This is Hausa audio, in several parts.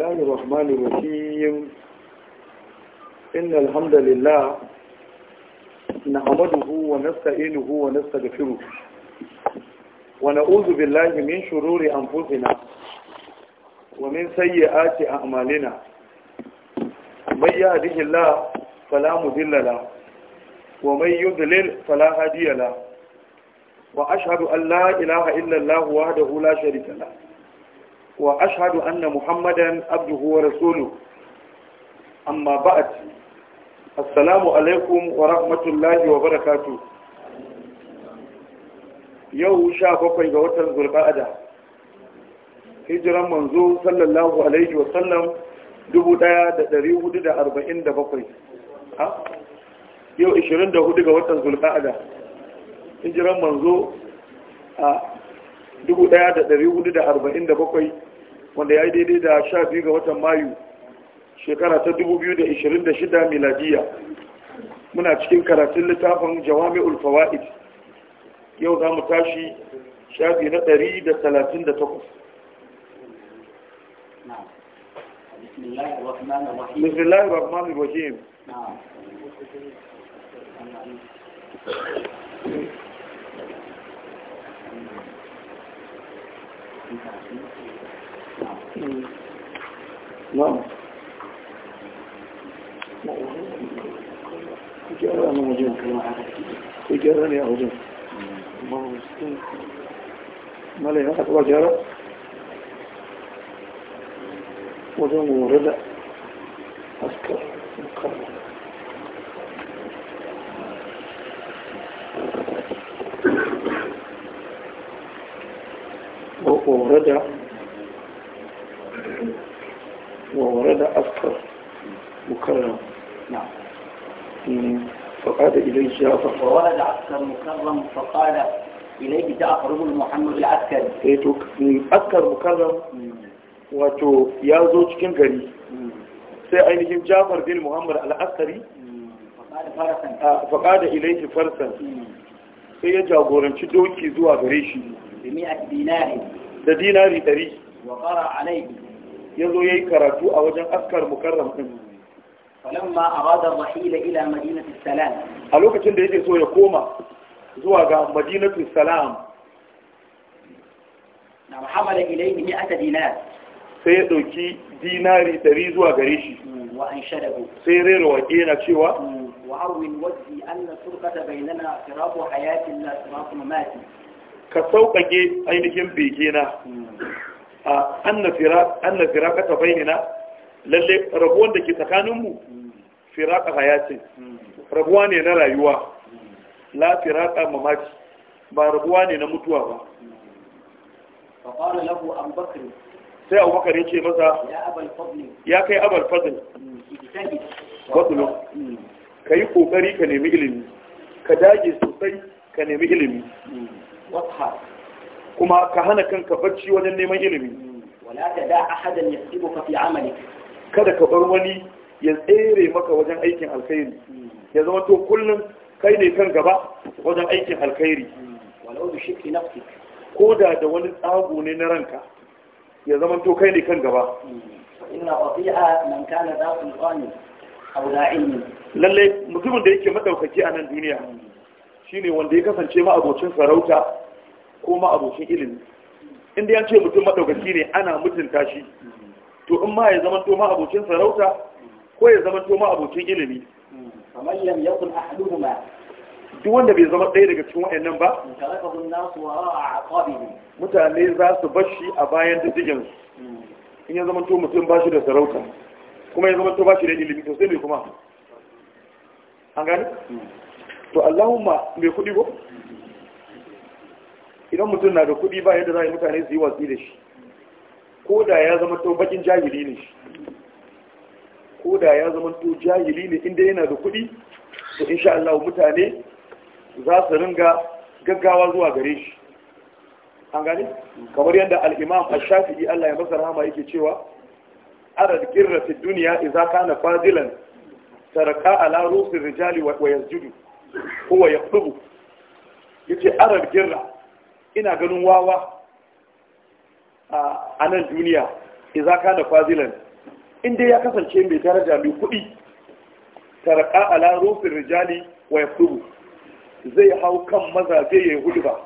الله الرحمن الرحيم إن الحمد لله نحمده ونستعينه ونستغفره ونعوذ بالله من شرور أنفسنا ومن سيئات أعمالنا من يهده الله فلا مذل له ومن يضلل فلا هادي له وأشهد أن لا إله إلا الله وحده لا شريك له وأشهد أن محمدا عبده ورسوله أما بعد السلام عليكم ورحمة الله وبركاته yau sha bakwai ga watan zulqa'ada hijiran manzo sallallahu alaihi wa sallam 1447 yau 24 ga watan zulqa'ada hijiran manzo a 1447 wanda ya yi daidai da 12 ga watan mayu shekara ta 2026 miladiya muna cikin karatun littafin jawami ulfawa'id yau za mu tashi shafi na 138 بسم الله الرحمن الرحيم نعم Thank you. نعم تجارة أنا مجال تجارة يا أوجه ما لي هذا تجارة وجه مورد أذكر مقرر وورد وورد أكثر مكرم نعم فقال إليه جعفر وورد أكثر مكرم فقال إليه جعفر بن محمد العسكري أكثر مكرم wato ya zo cikin gari hmm. sai ainihin jafar bin muhammad al'asari faƙa da sai ya jagoranci doki zuwa gare shi da dinari ɗari ya zo ya yi karatu a wajen askar mukarram ɗin falamma arada rahila ila madinatu salam a lokacin da yake so ya koma zuwa ga madinatu salam na hamala ilayhi mi'ata dinar sai ya ɗauki dinari ɗari zuwa gare shi Wa an sai rero wa yana cewa wa'awin wadzi anna surqata bainana sirafu hayatin la sirafu mamati ka sauƙaƙe ainihin bege na a anna firaq anna firaqata bainina lalle rabuwan da ke tsakaninmu haya ce. rabuwa ne na rayuwa la firaka mamaki ba rabuwa ne na mutuwa ba sai abu bakar ya ce masa ya kai abar fadil fadilu ka yi kokari ka nemi ilimi ka dage sosai ka nemi ilimi kuma ka hana kanka bacci wajen neman ilimi wala ta da ahadan yasibuka fi amalika. kada ka bar wani ya tsere maka wajen aikin alkhairi hmm. ya zama to kullum kai ne kan gaba wajen aikin alkhairi hmm. walau bi shikki nafsik ko da da wani tsago ne na ranka ya zama to kai ne kan gaba hmm. inna qati'a man kana da sultani aw da ilmi lalle mutumin da yake madaukaki a nan duniya shine wanda ya kasance ma abocin sarauta ko ma abokin ilimi inda ya ce mutum madaukaki ne ana mutunta shi to in ma ya zama to ma abokin sarauta ko ya zama to ma abokin ilimi kamar lam yakun ahluhuma duk wanda bai zama ɗaya daga cikin wa'annan ba mutane za su bar shi a bayan diddigen in ya zama to mutum ba shi da sarauta kuma ya zama to ba shi da ilimi to sai ne kuma an gani hmm. to Allahumma mai kuɗi ko idan mutum na da kuɗi ba yadda za a yi mutane su yi watsi da shi ko da ya zama to bakin jahili ne shi, ko da ya zama to jahili ne inda yana da kuɗi to insha Allah mutane za su ringa gaggawa zuwa gare shi an gani kamar yadda al-imam ash-shafi'i Allah ya masa rahama yake cewa arad girra fi dunya idza kana fadilan taraka ala rusi rijali wa yasjudu huwa yaqtubu yace arad girra ina ganin wawa a nan duniya iza ka da fazilan inda ya kasance mai daraja mai kuɗi taraka ala rufin rijali wa ya zai hau kan mazaje ya yi hudu ba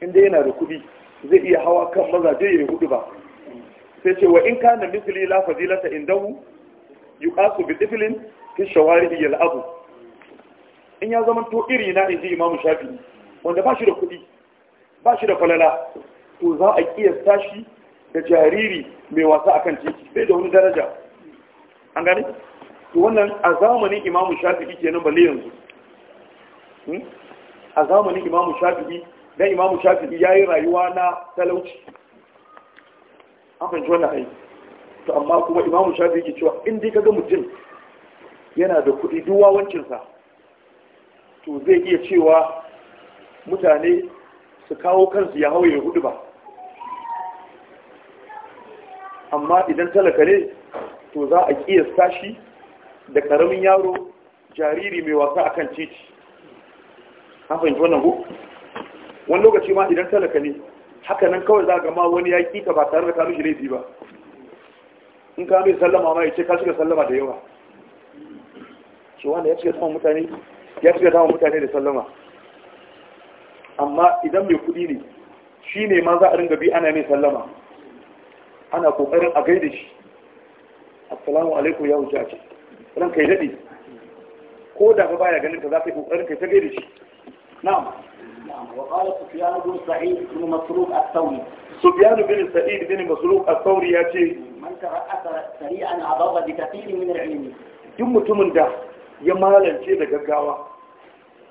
inda yana da kuɗi zai iya hawa kan mazaje ya yi hudu ba sai ce wa in ka na misali la fazilata indahu yuqasu bi tiflin fi shawarihi in ya zama to iri na inji imamu shafi'i wanda ba shi da kuɗi ba shi da falala to za a kiyasta shi da jariri mai wasa a kan titi sai da wani daraja an gane to wannan a zamanin imamu shafi'i kenan balle yanzu hmm? a zamanin imamu shafi'i dan imamu shafi'i yi rayuwa na talauci an fahimci wannan ai to amma kuma imamu shafi'i ke cewa in dai kaga mutum yana da kuɗi duk wawancinsa to zai iya cewa mutane su kawo kansu ya hauye hudu ba amma idan talaka ne to za a kiyasta shi da karamin yaro jariri mai wasa a kan titi an fahimci wannan ku wani lokaci ma idan talaka ne hakanan kawai za a gama wani ya kika ba tare da shi laifi ba in ka mai sallama ma ya ce ka shiga sallama da yawa shi wanda ya cika saman mutane da sallama amma idan mai kuɗi ne shi ne ma za a ringa bi ana mai sallama ana kokarin a gaida shi assalamu alaikum ya wuce a ce ran kai daɗe ko da ba baya ganin ka za ka yi kokarin kai ta gaida shi na'am وقال سفيان بن سعيد بن مسروق الثوري سفيان بن سعيد بن مسروق الثوري ياتي من ترأس سريعا أضر بكثير من العلم duk mutumin da ya malance da gaggawa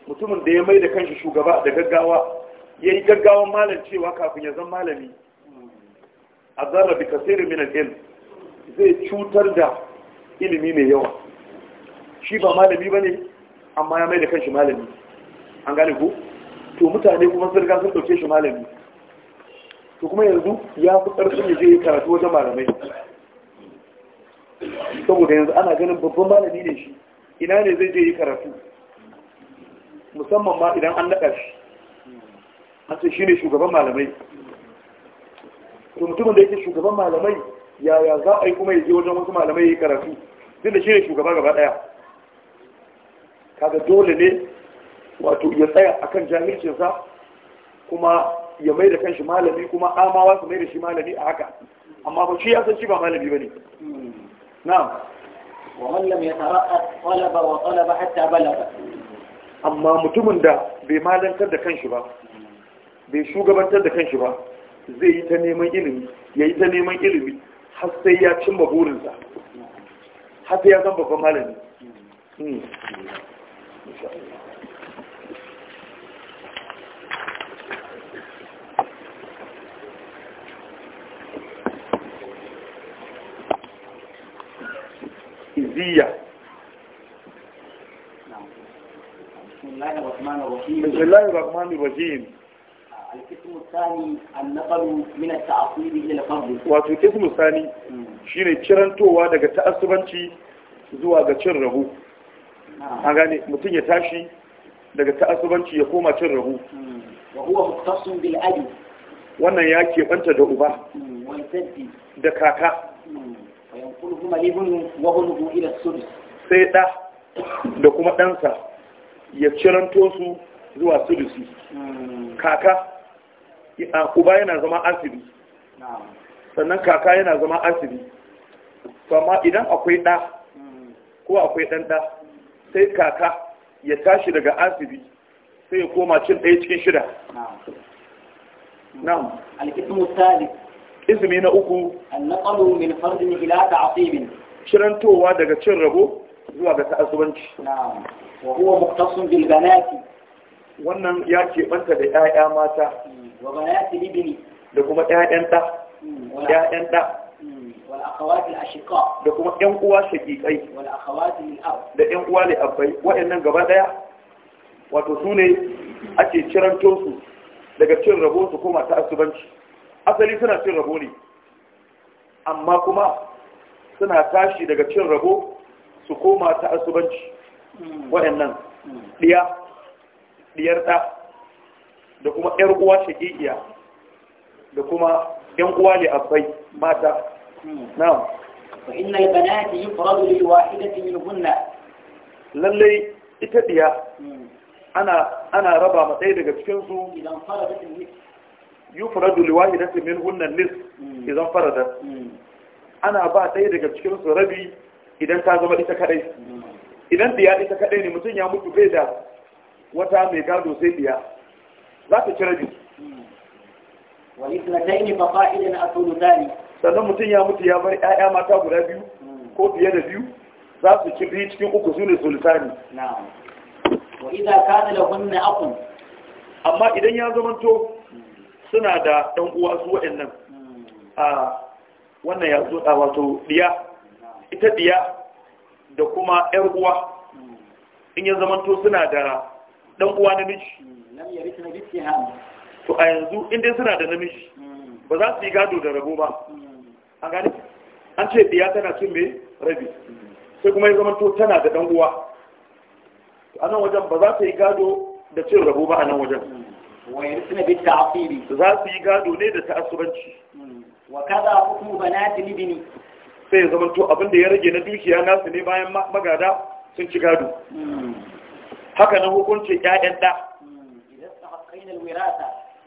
mutumin da ya mai da kanshi shugaba da gaggawa ya yi gaggawan malam cewa kafin ya zan malami a zarra bi kasirin minan il zai cutar da ilimi mai yawa shi ba malami ba ne amma ya mai da kanshi malami an gane ku to mutane kuma sun riga sun ɗauke shi malami to kuma yanzu ya fi ƙarfin ya je ya karatu wajen malamai saboda yanzu ana ganin babban malami ne shi ina ne zai je yi karatu musamman ma idan an naɗa shi an ce shi ne shugaban malamai to da yake shugaban malamai yaya za a yi kuma ya je wajen wasu malamai ya yi karatu duk shi ne shugaba gaba ɗaya kaga dole ne wato ya tsaya a kan jahilcinsa kuma ya mai da kanshi malami kuma amawa su mai da shi malami a haka amma ba shi ya san shi ba malami ba ne hmm. na'am wa man lam yatara'at talaba wa talaba hatta balaga amma mutumin da bai malantar da kanshi ba bai shugabantar da kanshi ba zai yi ta neman ilimi ya yi ta neman ilimi har sai ya cimma burinsa har sai ya zan babban malami hmm. iziyya بسم الله الرحمن الرحيم القسم الثاني النقل من التعصيب الى الفضل wato kismu sani hmm. shine cirantowa daga ta'assubanci zuwa ga cin rahu a ah. gane mutum ya tashi daga ta'assubanci ya koma cin rahu hmm. wa huwa muqtasim bil abi wannan ya ke banta da uba hmm. da kaka sai ɗa da kuma ɗansa ya ciranto su zuwa sulusi hmm. kaka uba yana zama asibi sannan kaka yana zama asibi amma idan akwai ɗa hmm. ko akwai ɗan ɗa sai kaka ya tashi daga asibi sai ya koma cin ɗaya cikin shida na alkitmu salih izmi na uku an min fardin ila ta'qibin shirantowa daga cin rabo zuwa ga ta'azubanci. na'am wa huwa muqtasim bil banati wannan ya ce banta da ƴaƴa mata hmm. wa banati libni da kuma ƴaƴan ɗa ƴaƴan hmm. ɗa hmm. wal akhawat al ashiqa da kuma ƴan uwa shaqiqai wal akhawat lil ab da ƴan uwa li abbai waɗannan gaba daya wato sune ake ciranto su daga cin rabo su koma asubanci asali suna cin rabo ne amma kuma suna tashi daga cin rabo su koma ta asubanci waɗannan ɗiya ɗiyar ɗa da kuma ƴar uwa shaƙiƙiya da kuma ƴan uwa ne abai mata na'am fa'in albanati yi faru da wahidatin yi hunna lallai ita ɗiya ana raba ma ɗaya daga cikinsu idan fara da yi faru da wahidatin min hunnan nis mm. idan fara da mm. ana ba ɗaya daga cikinsu rabi idan ta zama ita kadai idan biya ita kadai ne mutum ya mutu bai da wata mai gado sai biya. za ta ci rabi sannan mutum ya mutu ya bar 'ya'ya mata guda biyu hmm. ko fiye da biyu za su ci biyu cikin uku su ne sultani amma idan ya zamanto suna da ɗan uwa su waɗannan hmm. a wannan ya zo da wato diya ita diya da kuma ‘yar uwa in ya zamanto suna da ɗan uwa namiji to a yanzu inda suna da namiji ba za su yi gado da rabo ba an gani an ce diya tana cin mai rabi sai kuma ya zamanto tana da ɗan uwa a nan wajen ba za su yi gado da cin rabo ba a nan wajen za su yi gado ne da ta'asubanci wa kaza hukumu banati libini sai ya zama to abin da ya rage na dukiya nasu ne bayan magada sun ci gado haka na hukuncin ƴaƴan da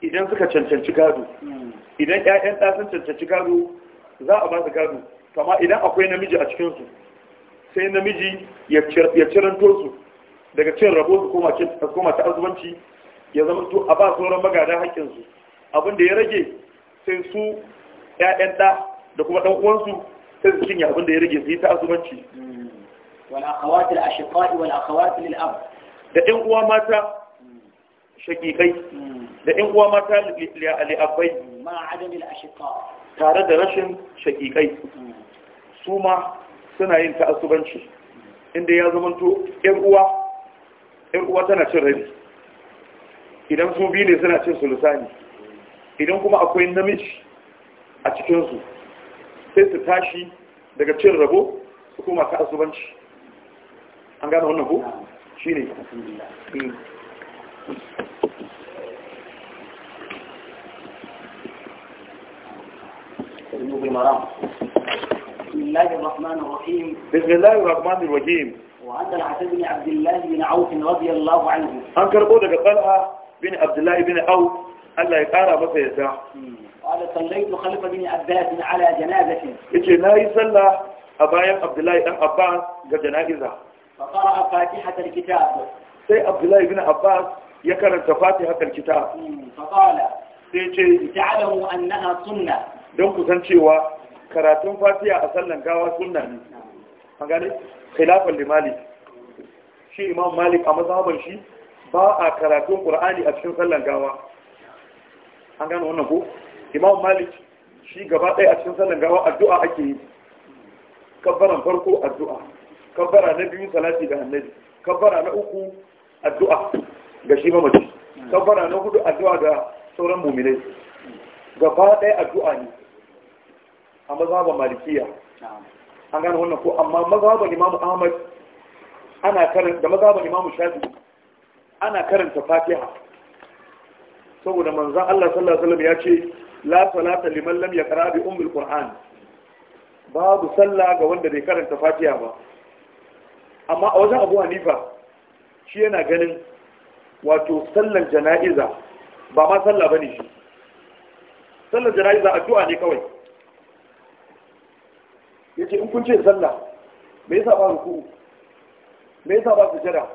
idan suka cancanci gado idan ƴaƴan da sun cancanci gado za a ba su gado kama idan akwai namiji a cikin su sai namiji ya ciranto su daga cin rabo su koma ta azubanci ya zama to a ba sauran magada haƙƙinsu abin da ya rage sai su ƴaƴan da da kuma ɗan uwansu sai su abin da ya rage su yi ta azumanci da ɗan uwa mata shakikai da ɗan uwa mata li abai ma tare da rashin shakikai su ma suna yin ta'assubanci inda ya zamanto 'yan uwa tana cin rabi idan su biyu ne suna cin sulusani idan kuma akwai namiji a cikinsu sai su tashi daga cin rabo su koma ta asubanci an gane wannan ko shi ne بسم الله الرحمن الرحيم بسم الله الرحمن الرحيم وعند العتاب بن عبد الله بن عوف رضي الله عنه أنكر بودك قال بن عبد الله بن عوف Allah ya ƙara masa yadda wala sallaitu khalfa bin abbas na ala janazatin yace yi sallah a bayan abdullahi dan abbas ga jana'iza fa qara'a fatihata alkitab sai abdullahi bin abbas ya karanta fatihata alkitab fa qala sai ce ta'lamu annaha sunna don kusan cewa karatun fatiha a sallan gawa sunna ne an gane khilafan limali shi imam malik a mazhaban shi ba a karatun qur'ani a cikin sallan gawa an gano wannan ko imam malik shi gaba ɗaya a cikin sallan gawa addu'a ake yi kabbaran farko addu'a kabbara na biyu salati da annabi kabbara na uku addu'a ga shi mamaci kabbara na hudu addu'a ga sauran muminai gaba ɗaya addu'a ne a mazhaban malikiya an gano wannan ko amma mazhaban imam ahmad ana karanta da mazhaban imam shafi ana karanta fatiha saboda manzan Allah sallallahu alaihi wasallam ya ce la salata liman lam yaqra bi ummul qur'an babu sallah ga wanda bai karanta fatiha ba amma a wajen Abu Hanifa shi yana ganin wato sallan jana'iza ba ma sallah bane shi sallan jana'iza addu'a ne kawai yace in kun ce sallah me yasa ba ku? me yasa ba sujada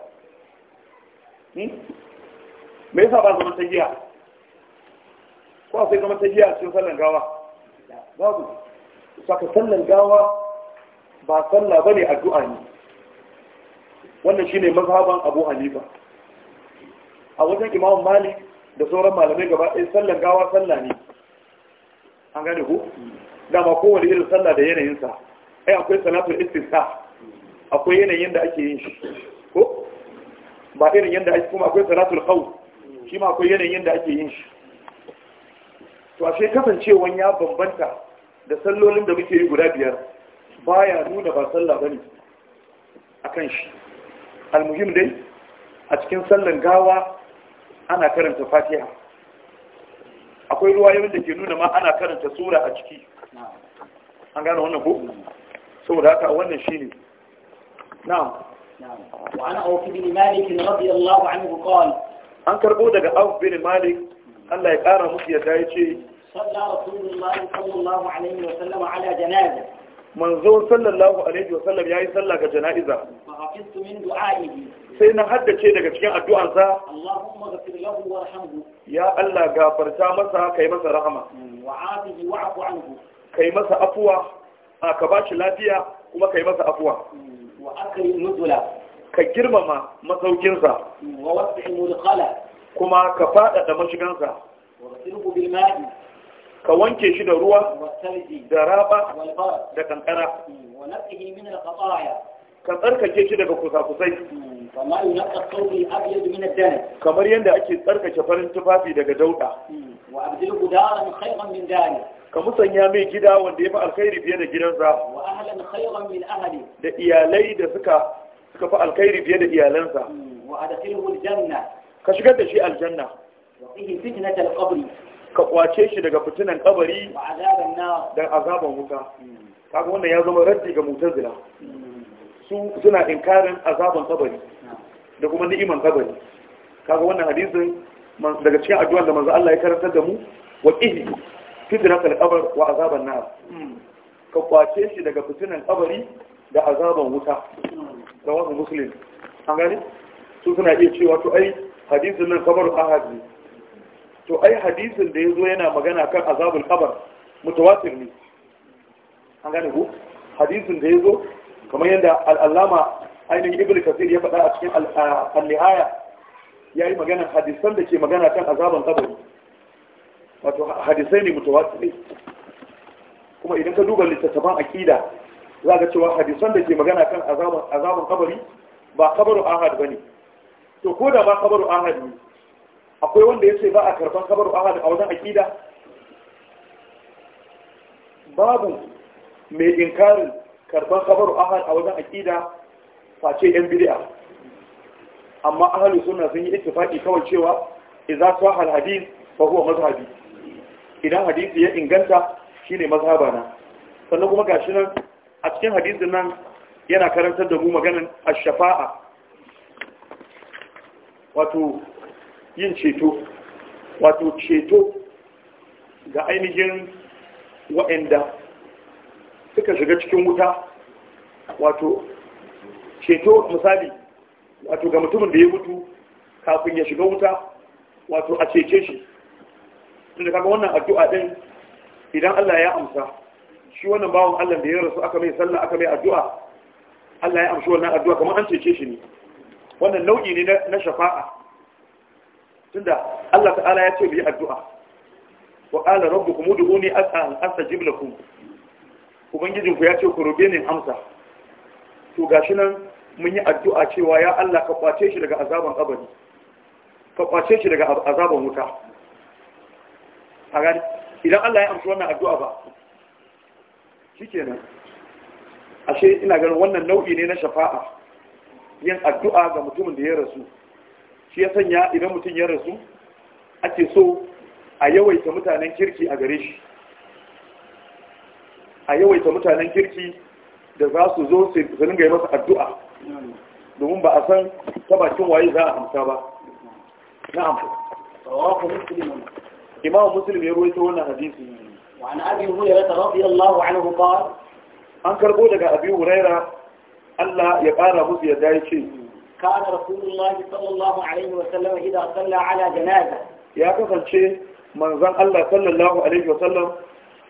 hmm? me yasa ba zaman tagiya Kuwa sai kamar ta giya a cikin sallan gawa babu saka sallan gawa ba sallah ba ne addu'a ne wannan shine mazhaban abu hanifa a wajen imam malik da sauran malamai gaba ɗaya sallan gawa sallah ne an gane ku dama kowane irin sallah da yanayinsa ai akwai salatul istisqa akwai yanayin da ake yin shi ko ba irin yanda ake kuma akwai salatul khawf shi ma akwai yanayin da ake yin shi to ashe kasancewan ya bambanta da sallolin da muke yi guda biyar baya nuna ba sallah bane akan shi almuhim dai a cikin sallan gawa ana karanta fatiha akwai ruwa ruwayoyin da ke nuna ma ana karanta sura a ciki an gane wannan ko saboda haka wannan shine na'am وعن عوف بن مالك رضي الله عنه قال أنكر بودك عوف بن مالك الله يقارى مخيا دايتي صلى رسول الله صلى الله عليه وسلم على جنازة manzo sallallahu alaihi wasallam yayi sallah ga jana'iza sai na haddace daga cikin addu'ansa Allahumma ghfir lahu warhamhu ya Allah gafarta masa kai masa rahama wa'afihi wa'fu anhu kai masa afuwa? a ka bashi lafiya kuma kai masa afwa wa akrim nuzula ka girmama masaukin sa wa wasi'u mulqala kuma ka fada da mashigansa wa sirbu bil ma'i ka wanke shi da ruwa da raba da kankara ka tsarkake shi daga kusa-kusai hmm, kamar yadda ake tsarkake farin tufafi daga dauda hmm, ka musanya mai gida wanda ya fi alkhairi fiye da gidansa da iyalai da suka fi alkhairi fiye da iyalansa hmm, ka shigar da shi aljanna ka kwace shi daga fitinan kabari da azaban wuta kaga wannan ya zama raddi ga mutazila su suna inkarin azaban kabari da kuma ni'iman kabari kaga wannan hadisin daga cikin addu'ar da manzo Allah ya karantar da mu wa ihi fidrat al-qabr wa azaban nar ka kwace shi daga fitinan kabari da azaban wuta Da rawahu muslim an gani su suna iya cewa to ai hadisin nan kabar ahadi to ai hadisin da ya zo yana magana kan azabul kabar mutawatir ne an gane ku hadisin da ya zo kamar yadda al'allama ainihin ibn kasir ya faɗa a cikin al-nihaya ya yi magana hadisan da ke magana kan azabul kabari wato hadisai ne mutawatir kuma idan ka duba littattafan akida za ka cewa hadisan da ke magana kan azabul kabari ba kabaru ahad ba ne to ko da ba kabaru ahad ne akwai wanda ya ce ba a karban kabaru ahad a wajen akida babu mai inkarin karban kabaru ahad a wajen akida face yan bidiya amma ahlu suna sun yi ittifaqi kawai cewa idza sahal hadith fa huwa mazhabi idan hadisi ya inganta shine mazhabana sannan kuma gashi nan a cikin hadisin nan yana karantar da mu maganan ash-shafa'a wato yin ceto wato ceto ga ainihin wa'anda suka shiga cikin wuta wato ceto misali wato ga mutumin da ya mutu kafin ya shiga wuta wato a cece shi inda kaga wannan addu'a din idan Allah ya amsa shi wannan bawon Allah da ya rasu aka mai sallah aka mai addu'a Allah ya amshi wannan addu'a kamar an cece shi ne wannan nau'i ne na shafa'a tunda Allah ta'ala ya ce mu yi addu'a wa qala rabbukum ud'uni as'al astajib lakum ubangijin ku ya ce ku roƙe ni amsa to gashi nan mun yi addu'a cewa ya Allah ka kwace shi daga azaban kabari ka kwace shi daga azaban wuta a gani idan Allah ya amsa wannan addu'a ba shikenan ashe ina ganin wannan nau'i ne na shafa'a yin addu'a ga mutumin da ya rasu shi ya sanya idan mutum ya rasu ake so a yawaita mutanen kirki a gare shi a yawaita mutanen kirki da za su zo su ringa yi masa addu'a domin ba a san ta bakin waye za a amsa ba na'am imam muslim ya ruwaito wannan hadisi wa an abi hurairah radiyallahu an karbo daga abi hurairah Allah ya ƙara musu ya dace. كان رسول الله صلى الله عليه وسلم إذا صلى على جنازة يا كفن شيء من زن الله صلى الله عليه وسلم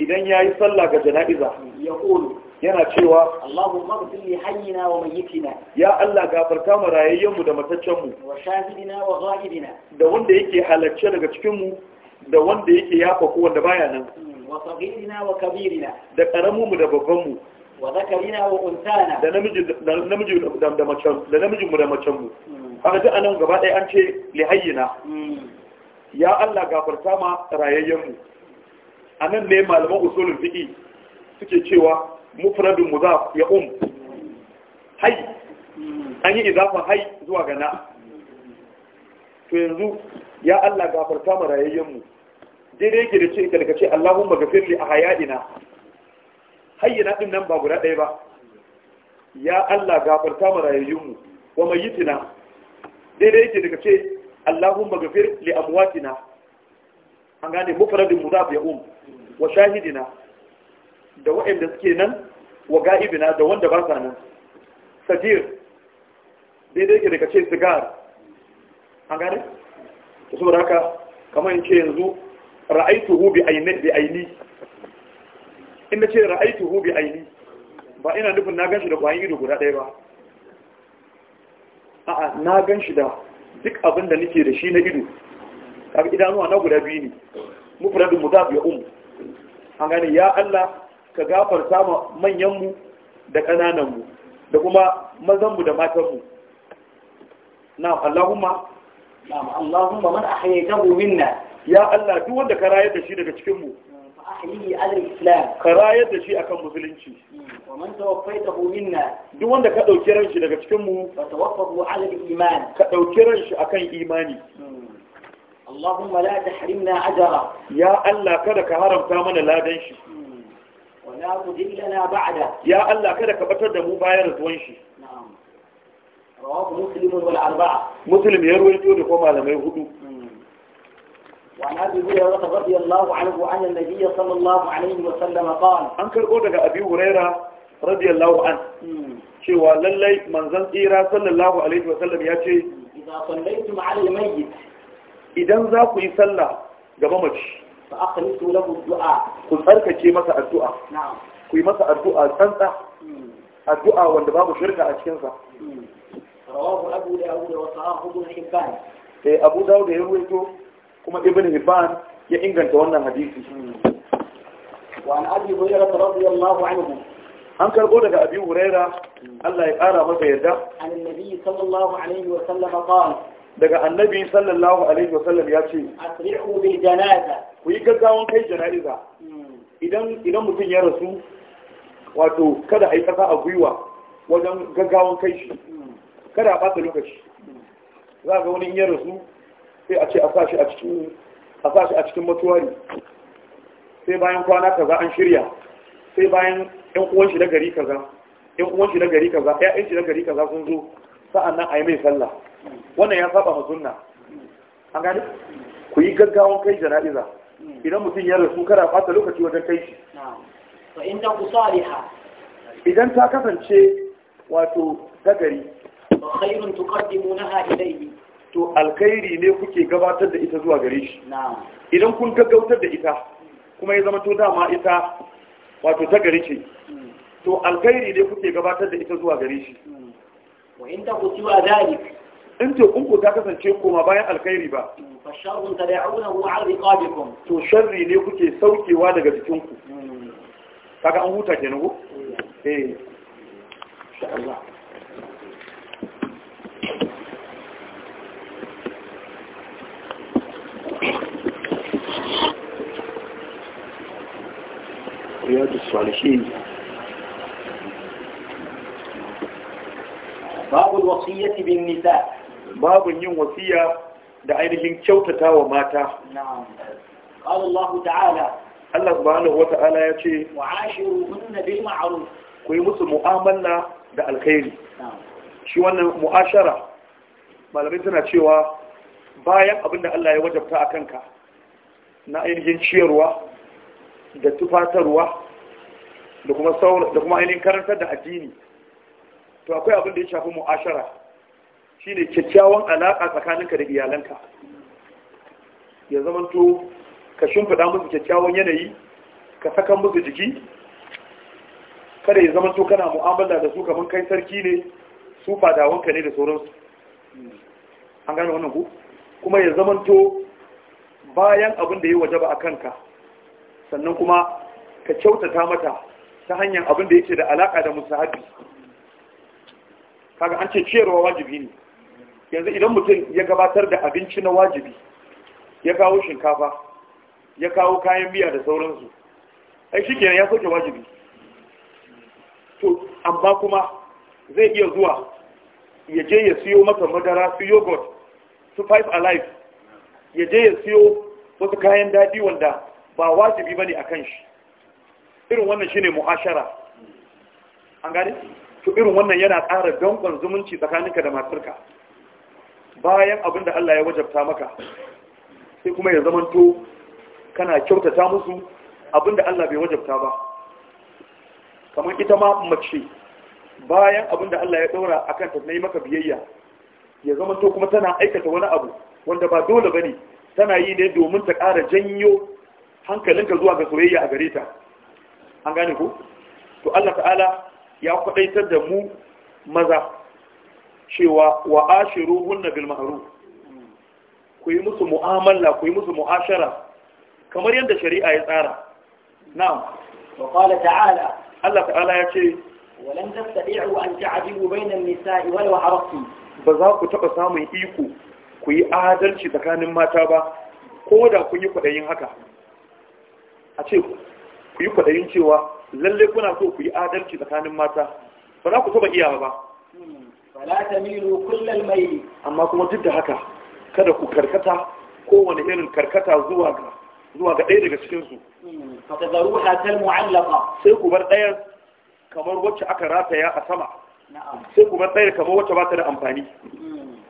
إذا يا صلى جنازة يقول yana cewa Allahu maghfir li hayyina wa mayyitina ya Allah gafarta mu rayayyen mu da mataccen mu wa shahidina wa ghaibina da wanda yake halacce daga cikin mu da wanda yake yafa ko wanda baya nan wa saghirina wa kabirina da karamu da babban mu da namijin da da macen mu da macen mu haka duk anan gaba ɗaya an ce lihayyina hmm. ya Allah gafarta ma rayayyen mu nan ne malaman usulul fiqi suke cewa mufradun mudaf ya um Hai! Hmm. an yi idafan hai zuwa gana. to yanzu ya Allah gafarta ma rayayyen mu daidai yake da ce ita daga ce Allahumma ghafir li ahyaina hayyana din nan ba guda ɗaya ba ya Allah gafarta mu rayayyunmu wa mayyitina daidai yake daga ce Allahumma ghafir li amwatina an gane mufradin mudaf ya um wa shahidina da waɗanda suke nan wa ga'ibina da wanda ba sa nan Sadir. daidai yake daga ce sigar an gane to saboda haka kamar in ce yanzu ra'aytuhu bi ayni bi aini in na ce hu bi aini ba ina nufin na ganshi da kwayan ido guda ɗaya ba a'a na ganshi da duk abin da nake da shi na ido kaga idanuwa na guda biyu ne mufradin mudaf ya um an gane ya Allah ka gafarta ma manyan mu da kananan mu da kuma mazan mu da matan mu na'am Allahumma na'am Allahumma man ahyaytahu minna ya Allah duk wanda ka rayar da shi daga cikin mu ahlihi ala islam ka da shi akan musulunci wa man tawaffaytahu duk wanda ka ɗauki ranshi daga cikin mu fa tawaffahu iman ka ɗauki ranshi akan imani hmm. اللهم لا تحرمنا أجره يا الله كذا كهرم تامنا لا دنشي ولا تدلنا بعده يا الله كذا كبتر دمو باير زوانشي رواه مسلم والأربعة مسلم يروي جود قوم على ما يهدو وعن أبي هريرة رضي الله عنه عن النبي صلى الله عليه وسلم قال أنكر أودك أبي هريرة رضي الله عنه cewa lallai manzan tsira sallallahu alaihi wasallam ya ce idan idan za ku yi sallah gaba mace ku tsarkake masa addu'a ku yi masa addu'a tsantsa hmm. addu'a wanda babu shirka a cikin hmm. sa eh abu dawud ya ruwaito kuma ibn hibban ya inganta wannan hadisi وعن أبي هريرة رضي الله عنه an karbo daga abi huraira Allah ya kara masa yarda annabi sallallahu alaihi wa sallam qala daga annabi sallallahu alaihi wa sallam ya ce asri'u bil janaza ku yi gaggawan kai janaza hmm. idan idan mutum ya rasu wato kada a yi kasa a gwiwa wajen gaggawan kai shi hmm. kada a ɓata lokaci hmm. za ga wani in ya rasu sai a ce a sa shi a cikin matuwari sai bayan kwana kaza an shirya sai bayan 'yan uwan shi na gari kaza 'yan uwan shi na gari kaza ƴaƴan shi na gari kaza sun zo sa'annan a yi mai sallah wannan ya saba ma sunna an gani ku yi gaggawan kai jana'iza idan mutum ya rasu kada fata lokaci wajen kai shi idan ta kasance wato ta gari khairun tuqaddimunaha ilayhi to alkhairi ne kuke gabatar da ita zuwa gare shi idan kun gaggautar da ita kuma ya zama to dama ita wato ta gare ce hmm. to alkhairi ne kuke gabatar da ita zuwa gare shi hmm. wa in ta kuciwa dalik in to kun ku ta kasance koma bayan alkhairi ba hmm. fa sharrun tad'unahu 'ala riqabikum to sharri ne kuke saukewa daga jikin ku kaga an huta kenan ko eh insha Allah الصالحين باب الوصية بالنساء باب yin wasiya da ainihin kyautata wa mata na'am qala Allah ya ce ku yi musu mu'amala da alkhairi shi wannan mu'ashara malamai suna cewa bayan abinda Allah ya wajabta a kanka na ainihin ciyarwa da tufatarwa da kuma da kuma ainihin karantar da addini to akwai abin da ya shafi mu'ashara shine kyakkyawan alaka tsakaninka da iyalanka ya zamanto ka shimfiɗa musu kyakkyawan yanayi ka saka musu jiki kada ya zamanto kana mu'amala da su kamar kai sarki ne su fadawanka ne da sauransu an gane wannan ku kuma ya zamanto bayan abin da ya wajaba a kanka sannan kuma ka kyautata mata ta hanyar abin da yake da alaka da musahabi kaga an ce ciyarwa wajibi ne yanzu idan mutum ya gabatar da abinci na wajibi ya kawo shinkafa ya kawo kayan miya da sauransu ai shi kenan ya soke wajibi to amma kuma zai iya zuwa ya je ya siyo masa madara su yogurt su five alive ya je ya siyo wasu kayan daɗi wanda ba wajibi ba ne a kan shi irin wannan shine mu'ashara an gane to irin wannan yana ƙara danƙon zumunci tsakaninka da matarka bayan abin da Allah ya wajabta maka sai kuma ya zamanto kana kyautata musu abin da Allah bai wajabta ba kamar ita ma mace bayan abin da Allah ya ɗaura a kanta na yi maka biyayya ya zamanto kuma tana aikata wani abu wanda ba dole ba ne tana yi ne domin ta ƙara janyo hankalinka zuwa ga soyayya a gare ta an gane ku to Allah ta'ala ya kwadaitar da mu maza cewa wa hunna bil ma'ruf ku yi musu mu'amala ku yi musu mu'ashara kamar yadda shari'a ya tsara na'am wa qala ta'ala Allah ta'ala ya ce walan tastati'u an ta'dilu bayna an-nisa'i law haraftum ba za ku taba samun iko ku yi adalci tsakanin mata ba ko da kun yi kwadayin haka a ce ku yi kwaɗayin cewa lalle kuna so ku yi adalci tsakanin mata ba za ku taɓa iyawa ba fala tamilu kullal maili amma kuma duk da haka kada ku karkata kowane irin karkata zuwa ga zuwa ga ɗaya daga cikinsu. su hmm, fa tazaru hatal mu'allaqa sai ku bar ɗayan kamar wacce aka rataya a sama sai ku bar ɗaya kamar wacce ba ta da amfani hmm,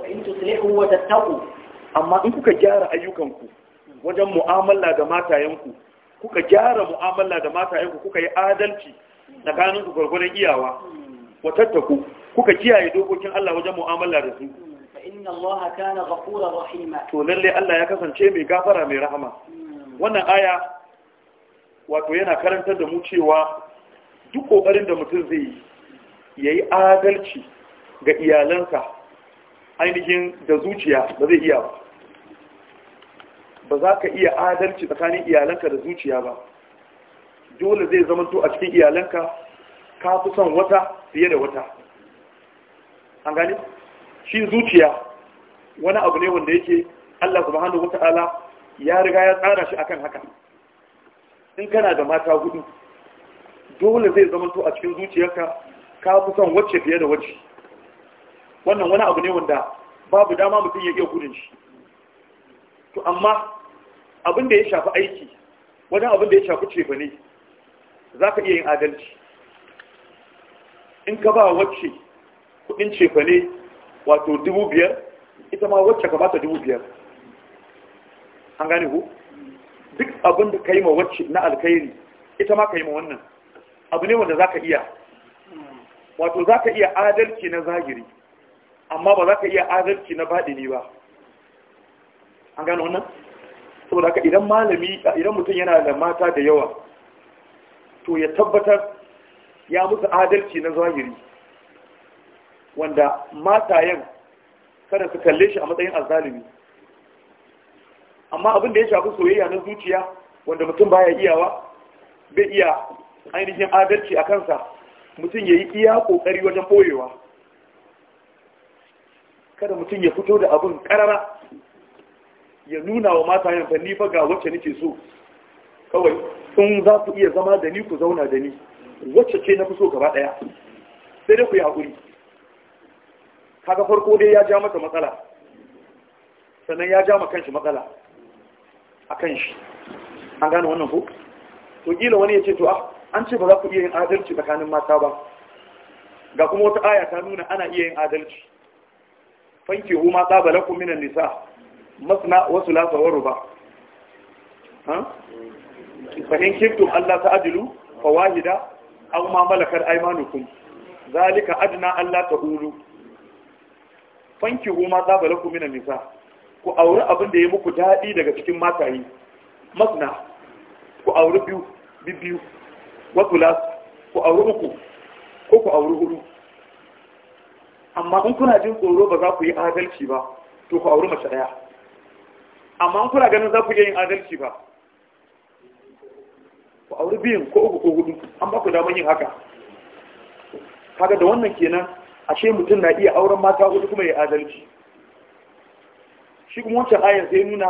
wa in tuslihu wa amma in kuka gyara ayyukanku wajen mu'amala da matayenku kuka gyara mu'amala da yanku kuka yi adalci tsakanin ku gwargwadon iyawa wa tattaku kuka kiyaye dokokin Allah wajen mu'amala da su inna Allah kana ghafurur to lallai Allah ya kasance mai gafara mai rahama wannan aya wato yana karantar da mu cewa duk kokarin da mutum zai yi yayi adalci ga iyalansa ainihin da zuciya ba zai iya ba ba za ka iya adalci tsakanin iyalanka da zuciya ba dole zai zama to a cikin iyalanka ka fi son wata fiye da wata an gani shi zuciya wani abu ne wanda yake Allah subhanahu wata'ala ya riga ya tsara shi akan haka in kana da mata hudu dole zai zama to a cikin zuciyarka ka fi son wacce fiye da wacce wannan wani abu ne wanda babu dama mutum ya iya gudun shi to amma abin da ya shafi aiki wajen abin da ya shafi cefa ne za ka iya yin adalci in ka ba wacce kudin cefa ne wato dubu biyar ita ma wacce ka bata dubu biyar an gane ku duk abin da ka yi ma wacce na alkairi ita ma ka yi ma wannan abu ne wanda za ka iya wato za ka iya adalci na zagiri amma ba za ka iya adalci na baɗini ba an gane wannan saboda haka idan malami idan mutum yana da mata da yawa to ya tabbatar ya musu adalci na zahiri wanda matayen kada su kalle shi a matsayin azalimi amma abin da ya shafi soyayya na zuciya wanda mutum baya iyawa bai iya ainihin adalci a kansa mutum ya yi iya kokari wajen boyewa kada mutum ya fito da abin karara ya nuna wa mata fa ni fa ga wacce nake so kawai in za ku iya zama da ni ku zauna da ni wacce ce na fi so gaba daya sai dai ku yi haƙuri kaga farko dai ya ja mata matsala sannan ya ja ma kanshi matsala a kanshi an gane wannan ko to gila wani ya ce to ah, an ce ba za ku iya yin adalci tsakanin mata ba ga kuma wata aya ta nuna ana iya yin adalci fanke hu ma tsabalakum minan nisa masna wa thulatha wa ruba ha fa Allah ta alla ta'dilu fa wahida aw ma malakat aymanukum zalika adna ta ta'ulu fanki huma tsabalakum mina nisa ku auri abin da ya muku daɗi daga cikin matayi masna ku auri biyu biyu wasu las ku auri uku ko ku auri hudu amma in kuna jin tsoro ba za ku yi adalci ba to ku auri mace ɗaya amma kuna ganin za ku yin adalci ba ku auri biyun ko uku ko hudu an ba ku damar yin haka kaga da wannan kenan ashe mutum na iya auren mata hudu kuma ya adalci shi kuma wancan ayar sai nuna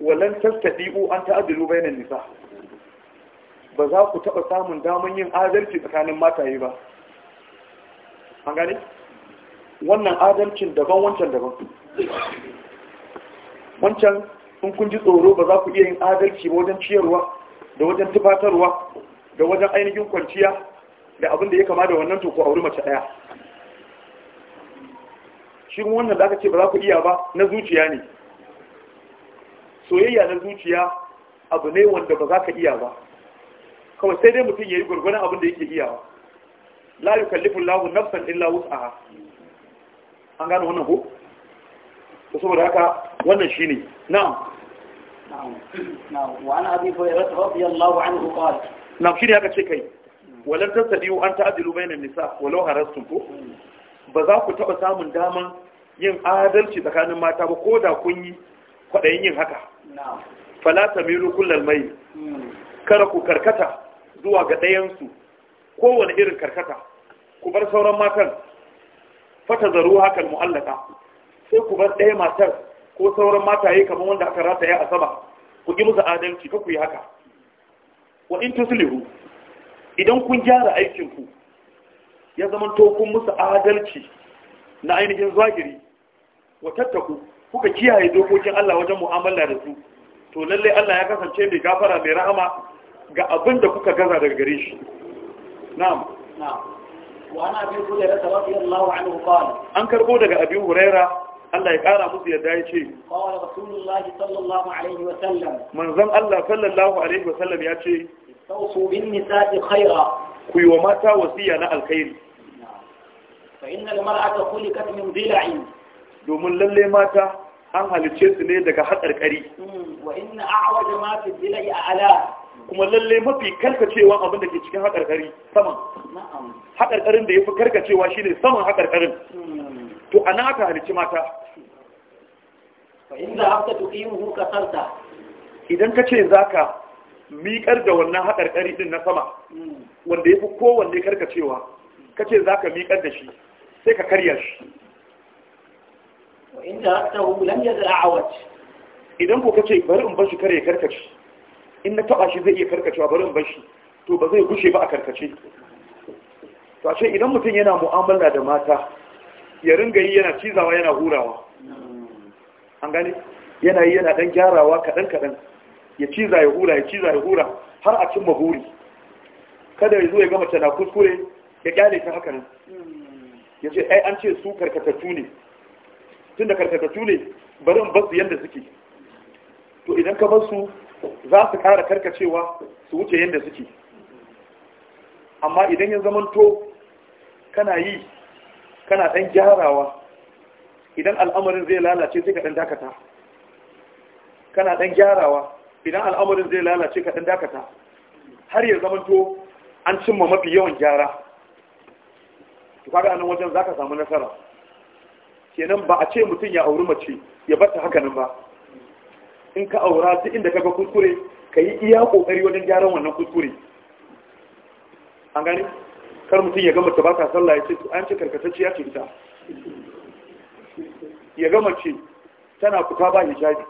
walan tastadi'u an ta'dilu bayanan nisa ba za ku taɓa samun daman yin adalci tsakanin mataye ba an gane wannan adalcin daban wancan daban wancan in kun ji tsoro ba za ku iya yin adalci ba wajen ciyarwa da wajen tufatarwa da wajen ainihin kwanciya da abin da ya kama da wannan toko ku auri mace ɗaya shi wannan da aka ce ba za ku iya ba na zuciya ne soyayya na zuciya abu ne wanda ba za ka iya ba kawai sai dai mutum ya yi gwargwanon abin da yake ba la kallifin lahu nafsan illa wuta. an gano wannan ko saboda haka wannan shi ne na wa ana abi haka ce kai walan tasdiu an ta'dilu bainan nisa walau harastum ko ba za ku taba samun daman yin adalci tsakanin mata ba ko da kun yi kwaɗayin yin haka fala kara mai hmm. ku karkata zuwa ga ɗayansu kowane irin karkata ku bar sauran matan fata zaru hakan mu'allaka sai ku bar ɗaya matar ko sauran mataye kamar wanda aka ya a sama ku yi musu adalci ka ku yi haka wa in tuslihu idan kun gyara aikin ku ya zama to kun musu adalci na ainihin zagiri wa tattaku kuka kiyaye dokokin Allah wajen mu'amala da su to lallai Allah ya kasance mai gafara mai rahama ga abin da kuka gaza daga gare shi na'am na'am wa ana bi hurairah radiyallahu anhu qala an karbo daga abi hurairah Allah ya ƙara musu yadda ya ce Manzan Allah sallallahu alaihi wa sallam ya ce ku yi wa mata wasiya na alkhairi domin lalle mata an halice su ne daga hmm, ala. kuma lalle mafi karkacewa abin da ke cikin haƙarƙari saman haƙarƙarin da ya fi karkacewa shine saman haƙarƙarin hmm. to a nan aka halicci mata inda haka tuqimuhu kasarta idan kace zaka miƙar da wannan haƙarƙari din na sama hmm. wanda yafi kowanne karkacewa kace zaka miƙar da shi sai ka karya shi inda haka lam a awaj idan ko kace bari in bashi kare karkace in na taba shi zai iya karkacewa bari in bashi, to ba zai gushe ba a karkace to a ce idan mutum yana mu'amala da mata ya ringa yi yana cizawa yana hurawa an gane yana yi yana dan gyarawa kadan kadan ya ciza ya hura ya ciza ya hura har a cimma buri kada ya zo ya gama tana kuskure ya kyale ta haka nan ya ce ai an ce su karkatattu ne tun da karkatattu ne bari in basu yadda suke to idan ka basu za su kara karkacewa su wuce yadda suke amma idan ya zamanto kana yi kana ɗan gyarawa idan al'amarin zai lalace sai ka ɗan dakata kana ɗan gyarawa idan al'amarin zai lalace ka ɗan dakata har ya zamanto an cimma mafi yawan gyara ta kaga nan wajen za ka samu nasara kenan ba a ce mutum ya auri mace ya bata haka nan ba in ka aura duk inda ga kuskure ka yi iya ƙoƙari wajen gyaran wannan kuskure an gani kar mutum ya gama ta ba ta sallah ya ce an ce karkatacce ya ce ita ya gama ce tana fita ba hijabi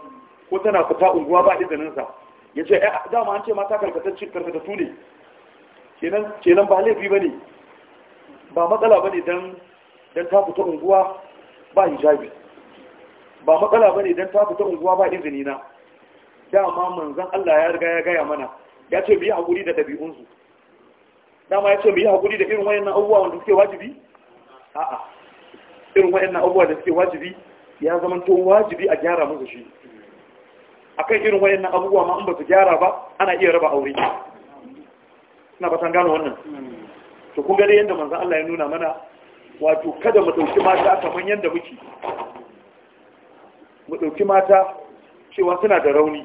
ko tana fita unguwa ba izininsa ya ce eh, dama an ce mata karkatattu ne kenan ba laifi ba ne ba matsala ba ne don ta fita unguwa ba hijabi ba matsala ba ne don ta fita unguwa ba izinina dama manzan Allah ya riga ya gaya mana ya ce biya hakuri da dabi'unsu dama ya ce mu yi hakuri da irin wayannan abubuwa wanda suke wajibi a'a irin wayannan abubuwa da suke wajibi ya zama to wajibi a gyara musu shi akan irin wayannan abubuwa ma in ba su gyara ba ana iya raba aure ina ba san gano wannan hmm. to kun ga dai yanda manzon Allah ya nuna mana wato kada mu dauki mata kamar yanda muke mu dauki mata cewa suna da rauni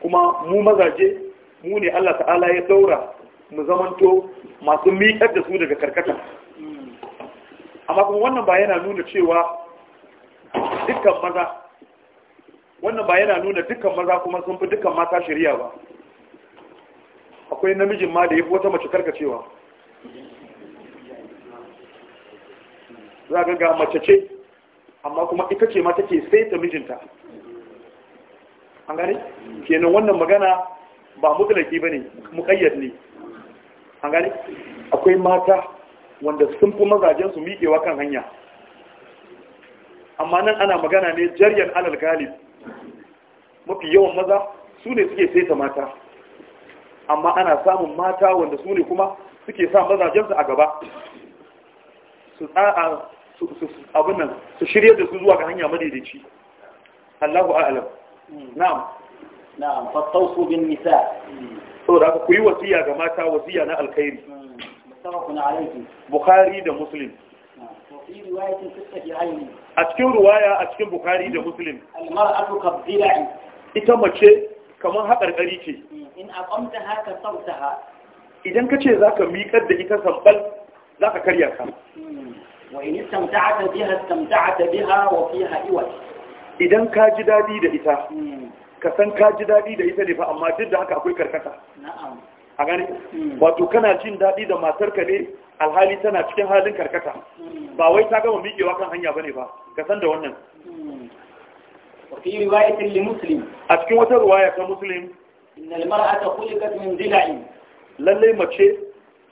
kuma mu mazaje mu ne Allah ta'ala ya daura mu zamanto masu miƙar da su daga karkata amma kuma wannan ba yana nuna cewa dukkan maza wannan ba yana nuna dukkan maza kuma sun fi dukkan mata shari'a ba akwai namijin ma da ya fi wata mace karkacewa za ga ga mace ce amma kuma ita ce ma take sai ta mijinta an gani? kenan wannan magana ba mutlaki bane muqayyad ne an gane akwai mata wanda sun fi mazajen su miƙewa kan hanya amma nan ana magana ne jaryar alal galib mafi yawan maza su ne suke saita mata amma ana samun mata wanda su ne kuma suke sa mazajensu a gaba su tsara abin su shirya da su zuwa ga hanya madaidaici Allahu a'alam na'am na'am fattausu bin nisa saboda ku yi wasiya ga mata wasiya na alkhairi hmm, bukhari da muslim a cikin ruwaya a cikin bukhari da muslim ita mace kamar haƙarƙari ce hmm, in aqamta haka sautaha idan ka ce za ka miƙar da ita sambal za ka karya ka hmm, wa in istamta'ata biha istamta'ata biha wa fiha iwaj idan ka ji dadi da ita ka san ka ji daɗi da ita ne fa amma duk da haka akwai karkata a gani hmm. wato kana jin daɗi da matarka ne alhali tana cikin halin karkata hmm. ba wai ta gama miƙewa kan hanya bane ba ka san da wannan hmm. a cikin wata ruwaya ta musulun. lallai min mace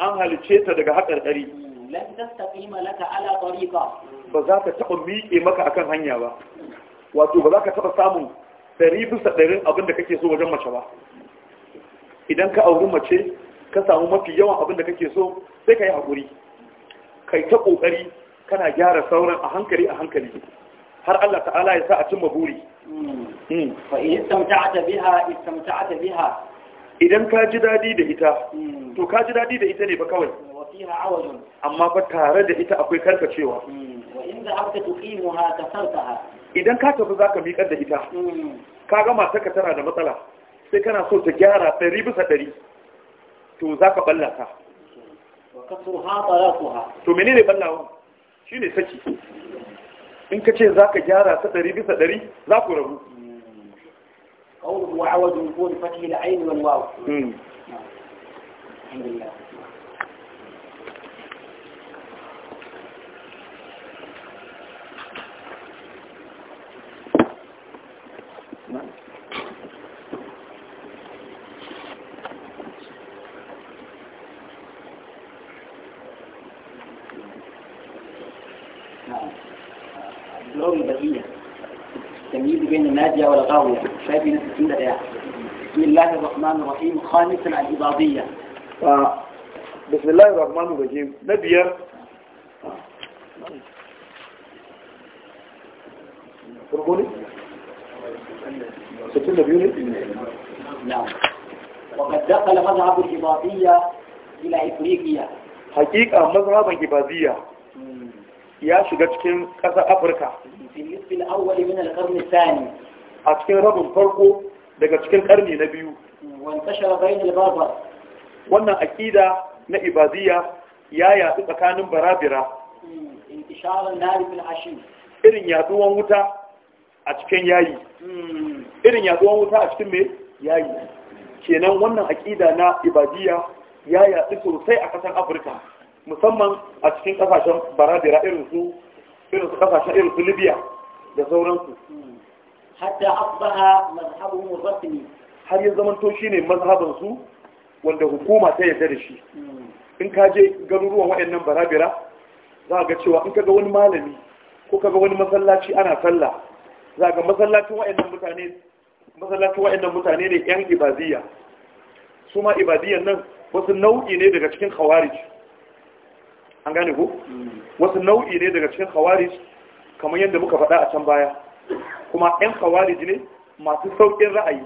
an halice ta daga haƙarƙari ɗari ala ba za ka taɓa miƙe maka akan hanya ba wato ba za ka taɓa samun Dari bisa ɗarin abin da kake so wajen mace ba idan ka auri mace ka samu mafi yawan abin da kake so sai ka yi haƙuri kai ta ƙoƙari kana gyara sauran a hankali a hankali har Allah ta'ala ya sa a cimma buri hmm. idan ka ji daɗi da ita hmm. to ka ji daɗi da ita ne ba kawai amma ba tare da ita akwai karkacewa hmm. wa inda aka tuqimuha kasartaha idan ka tafi za ka miƙar da ita ka ga matarka tana da matsala sai kana so ta gyara ɗari bisa ɗari to za ka balla ta to mene ne wa shi ne saki in ka ce za ka gyara ta ɗari bisa ɗari za ku rabu قوله وعوج يكون فتح العين والواو الحمد الخامسة الإباضية آه، بسم الله الرحمن الرحيم نبيا آه. ستين نبيوني نعم وقد دخل مذهب الإباضية إلى إفريقيا حقيقة مذهب الإباضية ya shiga cikin ƙasar afirka القرن الثاني وانتشر بين البربر wannan akida na ibadiya ya yatsu tsakanin barabira hmm, intisharan nari fil hashim irin yaduwan wuta a cikin yayi hmm. irin yaduwan wuta a cikin me yayi kenan wannan akida na ibadiya ya yatsu sosai a kasar Afirka musamman a cikin kasashen barabira irin su irin su kasashen irin su Libya da sauransu hmm. hatta asbaha mazhabuhum rasmi har ya zamanto shine mazhaban su wanda hukuma ta yarda da shi in ka je garuruwan waɗannan barabira za ga cewa in ka ga wani malami ko ka ga wani masallaci ana sallah za ga masallacin waɗannan mutane masallacin mutane ne yan ibadiyya su ma ibadiyyan nan wasu nau'i ne daga cikin khawarij an gane ko wasu nau'i ne daga cikin khawarij kamar yadda muka faɗa a can baya kuma yan khawarij ne masu sauƙin ra'ayi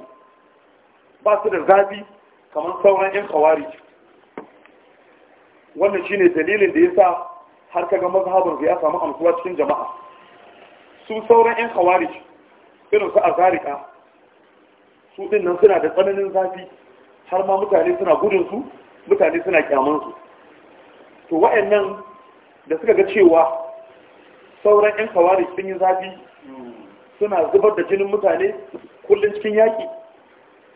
ba su da zafi kamar sauran 'yan kawari wannan shine dalilin da ya sa har kaga mazhabin ya samu amsuwa cikin jama'a su sauran 'yan kawari irin su azarika su din nan suna da tsananin zafi har ma mutane suna su mutane suna kyamansu to wa'annan da suka ga cewa sauran 'yan kawari sun yi zafi suna zubar da jinin mutane kullum cikin yaki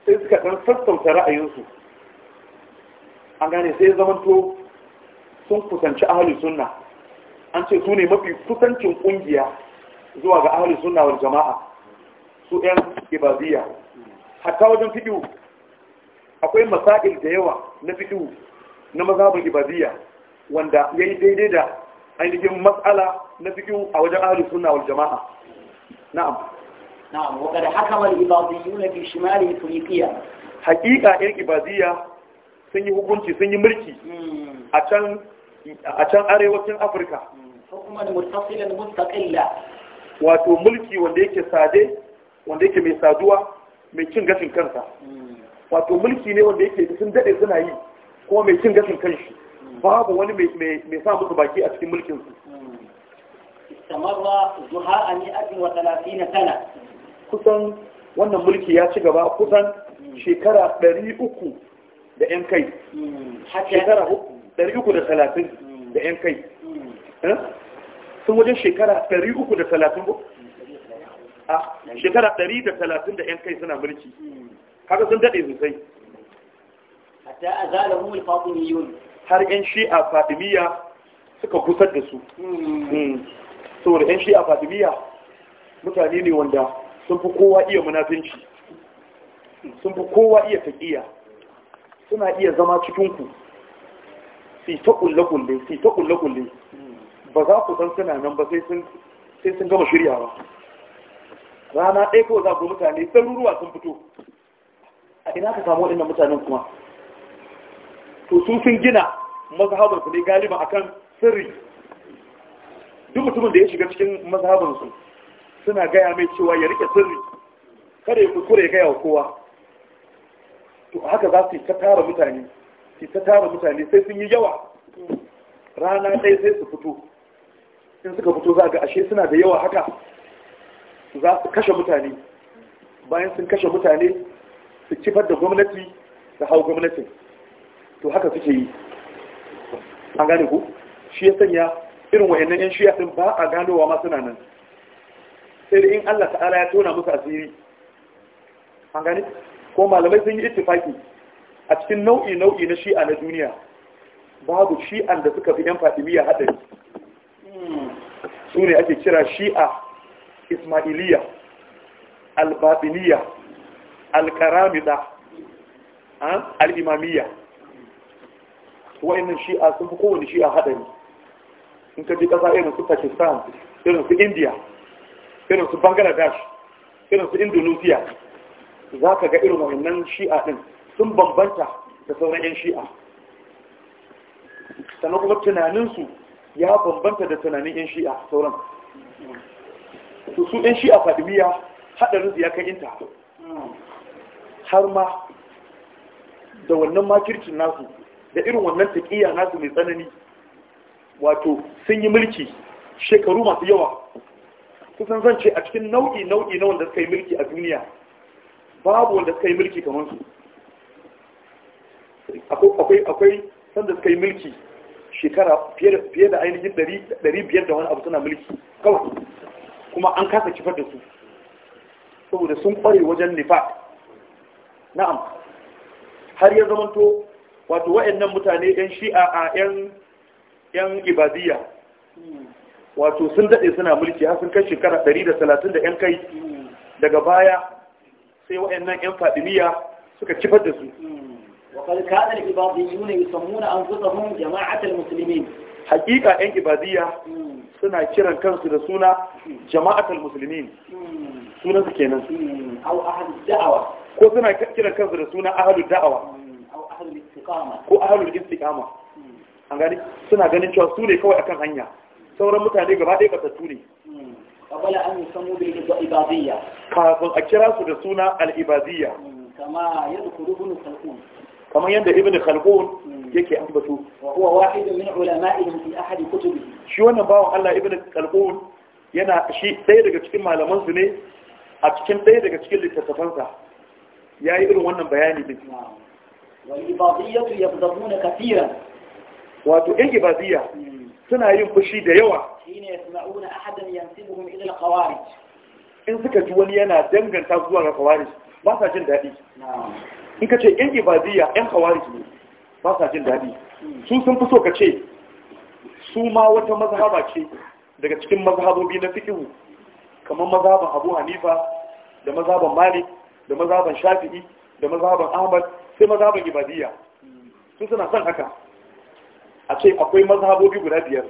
sai suka ɗan sassauta ra'ayinsu an gane sai zamanto sun kusanci ahalin sunna an ce su ne mafi kusancin ƙungiya zuwa ga ahalin sunna wal jama'a su 'yan ibadiyya hatta wajen fiɗiwu akwai masa'il da yawa na fiɗiwu na mazabin ibadiyya wanda ya yi daidai da ainihin matsala na fiɗiwu a wajen ahalin sunna wal jama'a na'am na'am wa qad hakama al-ibadiyyun fi shimal afriqiya Hakika ɗan ibadiyya sun yi hukunci sun yi mulki hmm. a can a can arewacin Afirka hmm. hukuman muttasilan mustaqilla wato mulki wanda yake sade wanda yake mai saduwa mai cin gashin kansa hmm. wato mulki ne wanda yake sun dade suna yi kuma mai cin gashin kanshi babu wani mai sa musu baki a cikin mulkinsu. su istamarra zuha a mi'atin wa talatin sana kusan wannan mulki ya ci gaba kusan shekara 300 da 'yan kai shekara 330 da 'yan kai eh? sun wajen shekara 330 ko? a shekara 130 da 'yan kai suna mulki haka sun daɗe sosai hatta a zalahun alfatimiyun har 'yan shi'a fatimiyya suka kusar da su hmm. Hmm. saboda 'yan shi'a fatimiyya mutane ne wanda sun fi kowa iya munafinci sun fi kowa iya taƙiya suna iya zama cikinku su ta ƙulle-ƙulle su ta ƙulle-ƙulle ba za ku san suna nan ba sai sun gama shiryawa rana ɗaya kawai za ku mutane ɗaruruwa sun fito a ina ka samu waɗannan mutanen kuma to sun sun gina mazhabarsu ne galiba akan sirri duk mutumin da ya shiga cikin mazhabarsu suna gaya mai cewa ya rike sirri kada ya kuskure ya gaya wa kowa to haka za su yi ta tara mutane su ta tara mutane sai sun yi yawa rana ɗaya sai su fito in suka fito za ga ashe suna da yawa haka za su kashe mutane bayan sun kashe mutane su cifar da gwamnati da hau gwamnatin to haka suke yi an gane ku shi ya sanya irin wayannan yan shiya din ba a ganowa ma suna nan sai in Allah ta'ala ya tona musu asiri an gani ko malamai sun yi ittifaki a cikin nau'i nau'i na shi'a na duniya babu shi'an da suka fi yan fatimiyya haɗari su ne ake kira shi'a ismailiyya albabiniyya alkaramida al'imamiyya wa'annan shi'a sun fi kowane shi'a haɗari. in ka ji ƙasa irin su pakistan irin su india irin su bangladesh irin su indonesia za ka ga irin wannan shi'a din sun bambanta da sauran 'yan shi'a sannan kuma tunaninsu ya bambanta da tunanin 'yan shi'a sauran su su 'yan shi'a fadimiyya haɗarin ya kan inta har ma da wannan makircin nasu da irin wannan taƙiyya nasu mai tsanani wato sun yi mulki shekaru masu yawa kusan zan ce a cikin nau'i nau'i na wanda suka yi mulki a duniya babu wanda suka yi mulki kamar su akwai akwai sanda suka yi mulki shekara fiye da ainihin ɗari biyar da wani abu suna mulki kawai kuma an kasa kifar da su saboda sun kware wajen nifa na'am har ya zamanto wato wa'annan mutane 'yan shi'a a 'yan ibadiyya wato sun daɗe suna mulki har sun kai shekara 130 da 'yan kai daga baya sai wa'annan 'yan fadiliya suka cifar da su وقد كان الإباضيون يسمون أنفسهم جماعة المسلمين حقيقة أن إباضية suna kiran kansu da suna jama'atul muslimin sunan su kenan hmm, aw da'awa ko suna kiran kansu da suna ahlud da'awa hmm, aw ahlul istiqama ko ahlul istiqama hmm. an gani suna ganin cewa su ne kawai akan hanya sauran mutane gaba ɗaya batattu ne qabala an yi yusammu bil ibadiyya kafin a kira su da suna al ibadiyya hmm, kama yadkhulu ibn khalqun kamar yadda ibn khalqun hmm. yake ambato wa huwa wahid min ulama'ihim fi ahad kutubihi shi wannan bawon Allah ibn khalqun yana shi ɗaya daga cikin malaman su ne a cikin ɗaya daga cikin littattafansa ya yi irin wannan bayani din wal ibadiyyatu yabdabuna kathiran wato in ibadiyya hmm. suna yin fushi da yawa in suka ji wani yana danganta zuwa ga kawarij ba sa jin daɗi in ka ce yan ibadiyya yan kawarij ne ba sa jin daɗi hmm. su sun fi so ka ce su ma wata mazhaba ce daga cikin mazhabobi na fikihu kamar mazhaban abu hanifa da mazhaban malik da mazhaban shafi'i da mazhaban ahmad sai mazhaban ibadiyya hmm. su suna son haka a ce akwai mazhabobi guda biyar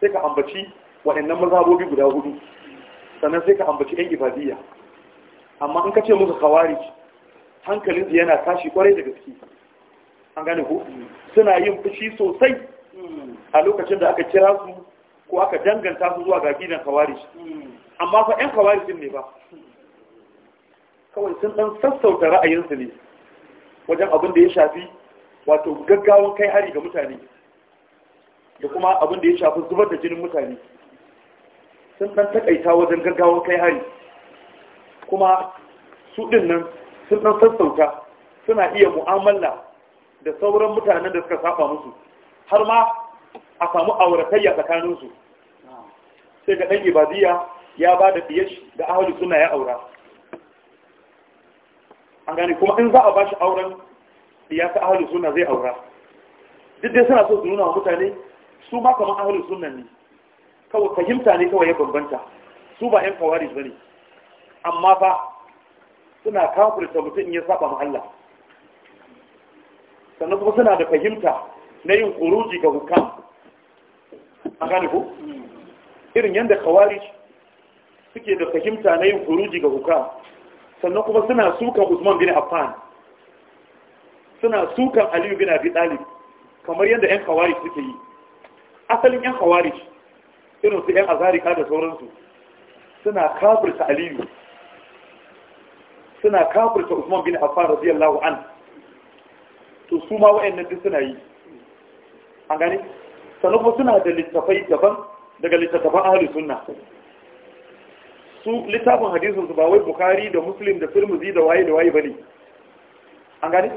sai ka ambaci waɗannan mazhabobi guda hudu sannan sai ka ambaci yan ibadiyya amma in ka ce musu khawarij hankalin yana tashi kwarai da gaske an gane ku suna yin fushi sosai a lokacin da aka kira su ko aka danganta su zuwa ga gidan khawarij amma fa yan khawarijin ne ba kawai sun ɗan sassauta ra'ayinsu ne wajen abin da ya shafi wato gaggawan kai hari ga mutane da kuma abin da ya shafi zubar da jinin mutane sun ɗan takaita wajen gaggawan kai hari kuma su ɗin nan sun ɗan sassauta suna iya mu'amala da sauran mutanen da suka saba musu har ma a samu auratayya tsakaninsu sai ga ɗan ibadiyya ya ba da fiye da ahalu suna ya aura an gane kuma in za a ba shi auren ya ta ahalin suna zai aura duk dai suna so su nuna wa mutane su ma kamar ahalu suna ne kawai fahimta ne kawai ya bambanta su ba 'yan kawari ba ne amma ba suna kafirta mutum in ya saba ma Allah sannan kuma suna da fahimta na yin kuruji ga hukam a gane ku irin yadda kawari suke da fahimta na yin kuruji ga hukam sannan kuma suna suka Usman bin Affan suna sukan aliyu bin abi talib kamar yadda yan kawari suke yi asalin yan kawari irin su yan azarika da sauransu suna kafirta aliyu suna kafirta usman bin affan radiyallahu an to su ma wayannan duk suna yi an gani sanu ko suna da littafai daban daga littattafan ahli sunna su littafin hadisin su ba wai bukari da muslim da firmuzi da waye da waye bane an gani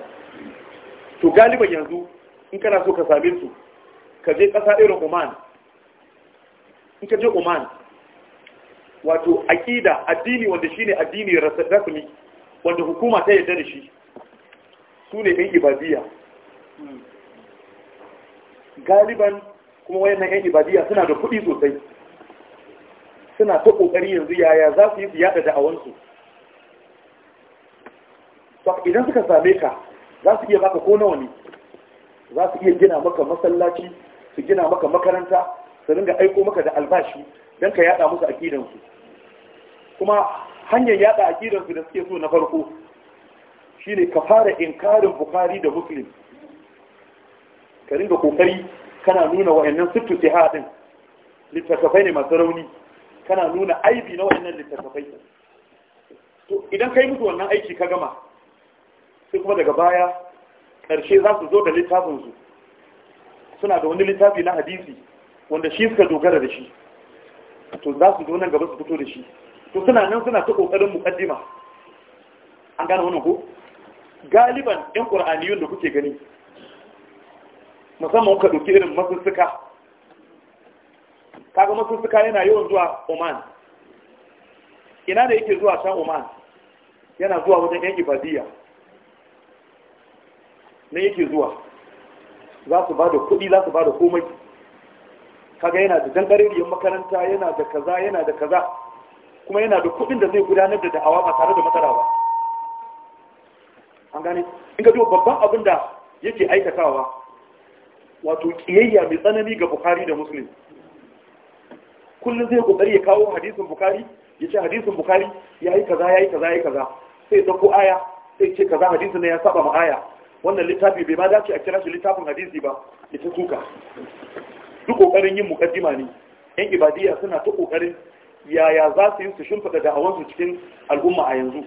to galiban yanzu in kana so ka same su ka je ƙasa irin Oman in ka je Oman wato aƙida addini wanda shine addini rasmi wanda hukuma ta yarda da shi su ne ɗan ibadiyya galiban kuma wayannan ɗan ibadiyya suna da kuɗi sosai suna ta ƙoƙari yanzu yaya za su yi su yaɗa da'awansu idan suka same ka za su iya baka ko nawa ne za su iya gina maka masallaci su gina maka makaranta su ringa aiko maka da albashi don ka yada musu akidansu kuma hanyar yada akidansu da suke so na farko shine ka fara inkarin bukari da muslim ka ringa kokari kana nuna wayannan sittu haɗin. littattafai ne masu rauni kana nuna aibi na wayannan littattafai to idan kai musu wannan aiki ka gama sai kuma daga baya ƙarshe za su zo da littafinsu suna da wani littafi na hadisi wanda shi suka dogara da shi to za su zo nan gaba su fito da shi to suna nan suna ta ƙoƙarin muƙaddima an gane wannan ko galiban 'yan ƙur'aniyun da kuke gani musamman ka ɗauki irin masussuka kaga masussuka yana yawan zuwa oman ina da yake zuwa can oman yana zuwa wajen yan ibadiyya na yake zuwa za su ba da kuɗi za su ba da komai kaga yana da dangarariyar makaranta yana da kaza yana da kaza kuma yana da kuɗin da zai gudanar da da'awa ba tare da matsala ba an gane in ga babban abin da yake aikatawa wato kiyayya mai tsanani ga bukari da muslim kullum zai kokari ya kawo hadisin bukari ya ce hadisin bukari ya yi kaza ya yi kaza ya yi kaza sai dauko aya sai ce kaza hadisin ne ya saba ma aya wannan littafi bai ma dace a kira shi littafin hadisi ba ita suka duk kokarin yin mukaddima ne yan ibadiyya suna ta kokarin yaya za su yi su shimfida da hawansu cikin al'umma a yanzu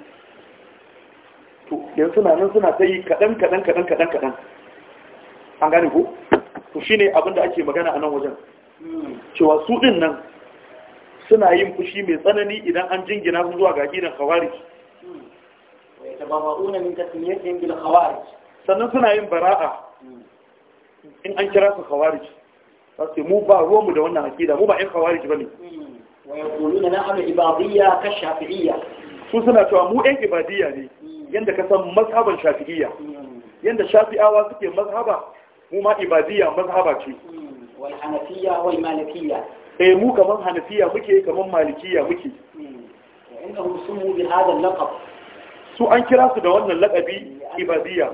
to yanzu suna nan suna ta yi kaɗan kaɗan kaɗan kaɗan kaɗan an gane ko to shine abin da ake magana a nan wajen cewa su ɗin nan suna yin fushi mai tsanani idan an jingina zuwa ga gidan khawarij wa yatabawa'una min kasmiyatin bil khawarij sannan suna yin bara'a in an kira su khawarij su mu ba ruwanmu da wannan akida mu ba ƴan khawarij bane wa yaquluna na'am ibadiyya ka shafi'iyya su suna cewa mu ƴan ibadiyya ne Yadda ka san mazhaban shafi'iyya yanda shafi'awa suke mazhaba mu ma ibadiyya mazhaba ce wal hanafiyya wal malikiyya eh mu kaman hanafiya muke kaman malikiya muke innahum sumu bi hadha al su an kira su da wannan laqabi ibadiyya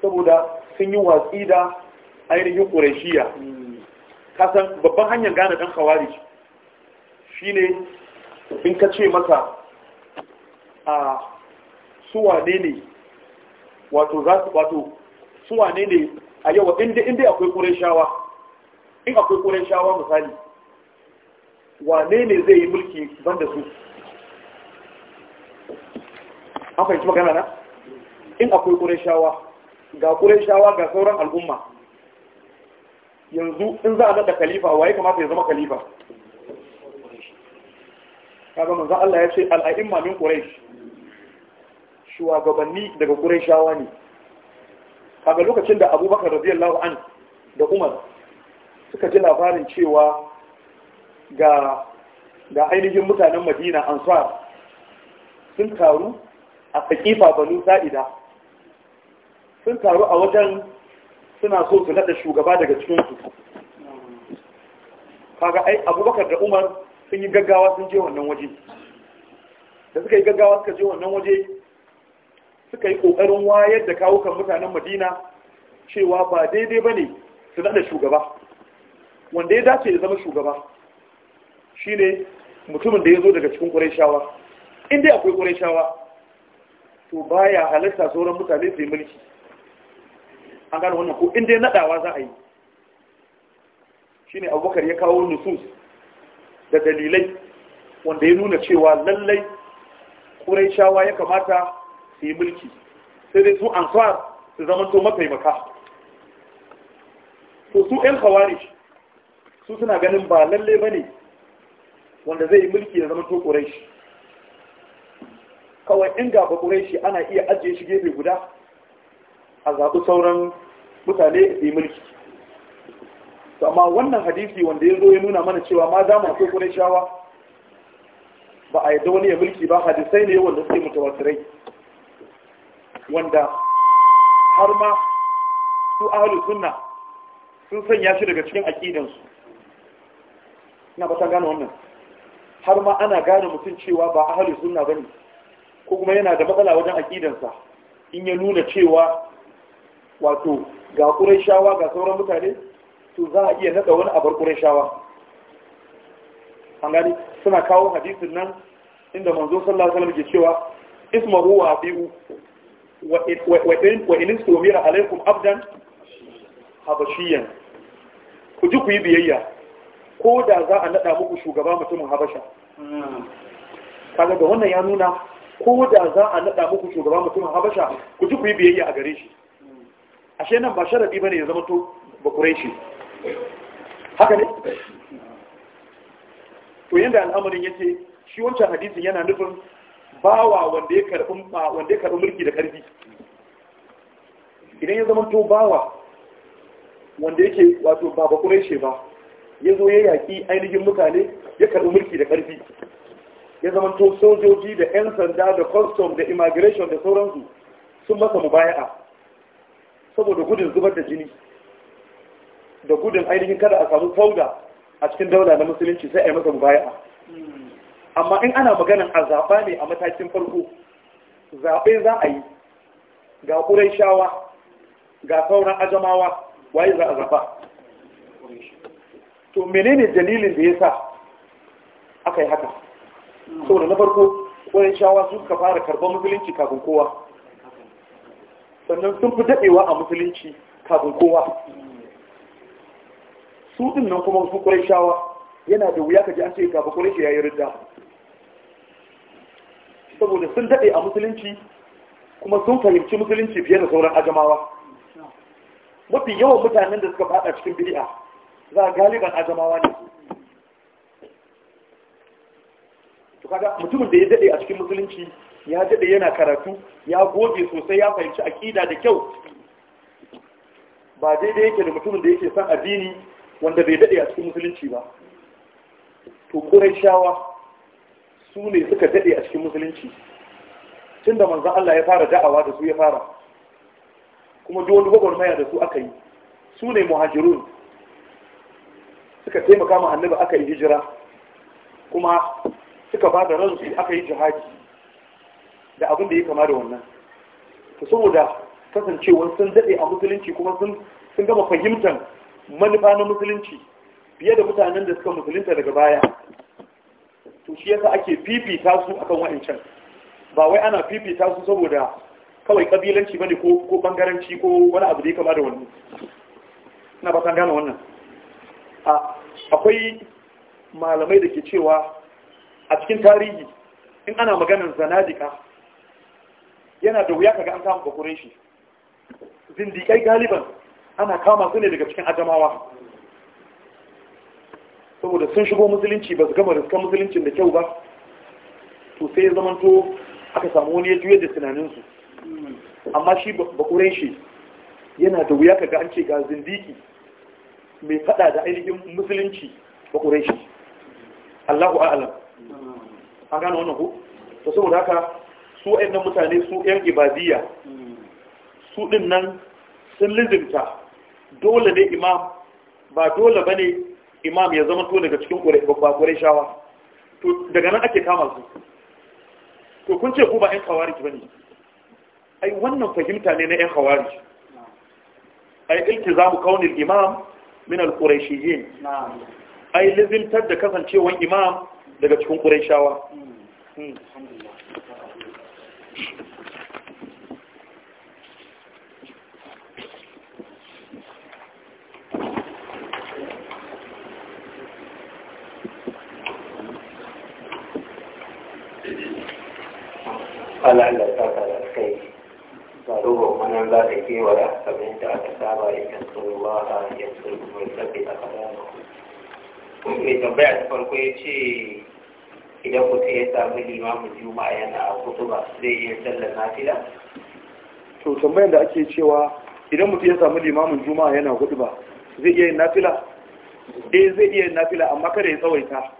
saboda sun yi watsi da ainihin ƙorashiya, kasan babban hanyar gane kawari shi shine in ka ce masa a su wane ne wato za su wato su wane ne a yau inda inda akwai ƙorashawa, in akwai ƙorashawa misali wane ne zai yi mulki banda su an fahimci magana na in akwai ƙureshawa ga ƙureshawa ga sauran al'umma yanzu in za a naɗa khalifa waye kamata ya zama khalifa kaga za Allah ya ce al'a'imma mamin quraish shugabanni daga qurayshawa ne kaga lokacin da Abubakar radiyallahu an da Umar suka ji labarin cewa ga ga ainihin mutanen Madina Ansar sun taru a Saqifa Banu Sa'ida sun taru a wajen suna so su nada shugaba daga cikinsu kaga ai abubakar da umar sun yi gaggawa sun je wannan waje da suka yi gaggawa suka je wannan waje suka yi ƙoƙarin wayar da kawukan mutanen madina cewa ba daidai ba ne su nada shugaba wanda ya dace ya zama shugaba shine mutumin da ya zo daga cikin ƙurashawa. in dai akwai ƙurashawa, to baya halarta sauran mutane su yi mulki an gane wannan ko in dai nadawa za a yi Shi ne abubakar ya kawo nusus da dalilai wanda ya nuna cewa lallai shawa ya kamata su yi mulki sai dai su ansar su zama to mataimaka to su 'yan kawari su suna ganin ba lallai ba ne wanda zai yi mulki ya zama to kawai in gaba ƙuraishi ana iya ajiye shi gefe guda a zaɓi sauran mutane da mulki? mulki amma wannan hadisi wanda ya zo ya nuna mana cewa ma dama ko kurai shawa ba a yadda wani ya mulki ba hadisai ne wanda mutuwa mutawatirai wanda har ma su ahalu sunna sun sanya shi daga cikin aƙidansu ina ba ta gane wannan har ma ana gane mutum cewa ba ahalu sunna ba ne ko kuma yana da matsala wajen aƙidansa in ya nuna cewa wato ga shawa ga sauran mutane to za a iya naɗa wani abar ƙurayshawa an gani suna kawo hadisin nan inda manzo sallallahu alaihi wasallam ke cewa ismahu wa abiu wa in istumira alaikum abdan habashiyan ku ji ku yi biyayya ko da za a naɗa muku shugaba mutumin habasha kaga da wannan ya nuna ko da za a naɗa muku shugaba mutumin habasha ku ji ku yi biyayya a gare shi ashe nan ba sharaɗi ba ne ya zama to ba ƙureshi haka ne to yadda al'amarin ya ce shi wancan hadisin yana nufin bawa wanda ya karɓi mulki da ƙarfi idan ya zama to bawa wanda yake wato ba ba ƙureshi ba ya zo ya yaƙi ainihin mutane ya karɓi mulki da ƙarfi ya zama to sojoji da 'yan sanda da custom da immigration da sauransu sun masa mubaya'a saboda gudun zubar da jini da gudun ainihin kada a samu fauda a cikin daula na musulunci sai a yi masa baya amma in ana maganan a zaɓa ne a matakin farko zaɓe za a yi ga ƙurai shawa ga sauran ajamawa waye za a zaɓa to menene dalilin da ya sa aka yi haka saboda na farko ƙurai shawa sun ka fara karɓar musulunci kafin kowa sannan sun fi daɗewa a musulunci kafin kowa su ɗin nan kuma su shawa yana da wuya ka ji an ce gaba ƙuraishi ya yi ridda saboda sun daɗe a musulunci kuma sun fahimci musulunci fiye da sauran ajamawa mafi yawan mutanen da suka fada cikin bid'a za a galiban ajamawa ne mutumin da ya daɗe a cikin musulunci ya daɗe yana karatu ya goge sosai ya fahimci akida da kyau ba daidai yake da mutumin da yake son addini wanda bai daɗe a cikin musulunci ba to shawa su ne suka daɗe a cikin musulunci tun da manzan Allah ya fara da'awa da su ya fara kuma duk wani gwagwarmaya da su aka yi su ne muhajirun suka taimaka ma annabi aka yi hijira kuma suka ba da ransu aka yi jihadi da abin da ya kama da wannan ta saboda kasancewa sun daɗe a musulunci kuma sun gama fahimtar manufa na musulunci fiye da mutanen da suka musulunta daga baya to shi yasa ake fifita su akan wa'ancan ba wai ana fifita su saboda kawai kabilanci bane ko ko bangaranci ko wani abu da ya kama da wannan ina ba san gane wannan a akwai malamai da ke cewa a cikin tarihi in ana maganar zanadika yana da wuya kaga an samu bakurin shi zindikai galiban ana kama su ne daga cikin adamawa saboda sun shigo musulunci ba su gama riskan musuluncin da kyau ba to sai ya zamanto aka samu wani ya juya da tunaninsu amma shi bakurin shi yana da wuya kaga an ce ga zindiki mai fada da ainihin musulunci bakurin shi Allahu a'alam an gano wannan ku to saboda haka su nan mutane su 'yan ibadiyya su ɗin nan sun lizimta dole ne imam ba dole ba ne imam ya zama to daga cikin babbakurai shawa to daga nan ake kama su to kun ce ku ba 'yan kawarij ba ne ai wannan fahimta ne na 'yan kawarij ai ilki za mu kaunin imam min shi quraishiyyin ai lizimtar da kasancewan imam daga cikin quraishawa hmm. Allah da saka da kai ba rubo manan za ta kewaya kamar yadda aka saba a yanzu mai sabbi a kada mai tambaya ta farko ya ce idan mutum ya sami limamin juma'a yana kutuba zai iya sallar nafila to tambayar da ake cewa idan mutum ya samu limamin juma'a yana kutuba zai iya yin nafila eh zai iya yin nafila amma kada ya tsawaita